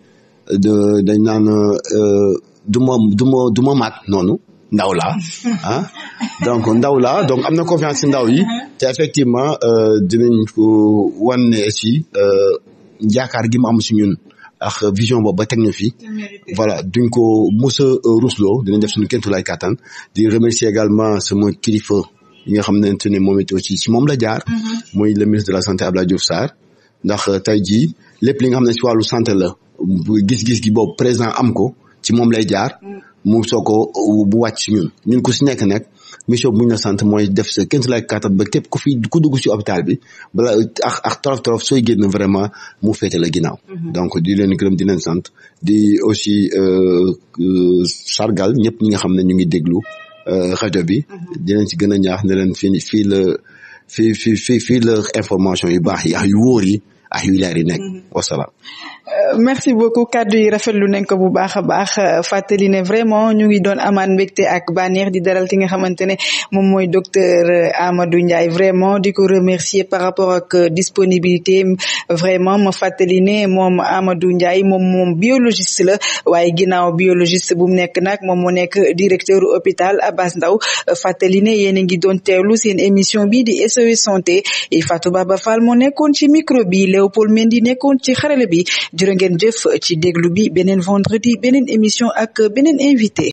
de dañ naan euh, du ma du ma du ma maat noonu ndaw laa mm-hmm. ah. donc ndaw laa donc am na confiance si ndaw yi te effectivement euh, dinañ ko wan ne si yaakaar gi mu am si ñun ak vision boobu ba teg ñu fi voilà duñ ko mos a euh, rusloo dinañ def suñu kéntu lay kattan di remercier également sama kilifa yi nga xam ne moom it aussi si moom la jaar mooy mm-hmm. le ministre de la santé Abdoulaye Diouf saar ndax euh, tey jii lépp li nga xam ne si wàllu santé la gis-gis gi boobu président am ko ci moom lay jaar mm. mu soo ko euh, bu wàcc si ñun ñun ku si nekk nekk mission bu ñu la sant mooy def sa kenn lay kàttan ba képp ku fi ku dugg ci hôpital bi balaa ak ak torof torof sooy génn vraiment mu féete la ginnaaw. Mhm. donc di leen gërëm di leen sant di aussi euh, euh, sargal ñëpp ñi nga xam ne ñu ngi déglu euh, rajo bi. Mhm. di leen ci gën a ñaax ne leen fi fii la fii fii fii la information yu baax yi yu wóor yi ak yu leer yi nekk mhm. wasalaam. Euh, merci beaucoup kàddu yi rafetlu nañ ko bu baax a baax euh, fàttali ne vraiment ñu ngi doon amaan mbégte ak bànneex di daral ki nga xamante ne moom mooy docteur euh, Amadou ndiay vraiment di ko remercier par rapport ak disponibilité vraiment ma fàttali ne moom Amadou ndiay moom moom biologiste la waaye ginnaaw biologiste bu mu nekk nag moom moo nekk directeur hôpital Abass Ndao fàttali ne yéen a ngi doon teewlu seen émission bi di SOS santé Fatou Baba Fall moo nekkoon ci micro bi Léopold Mendy nekkoon ci xarale bi jërë ngeen jëf ci déglu bi beneen vendredi beneen émission ak beneen invité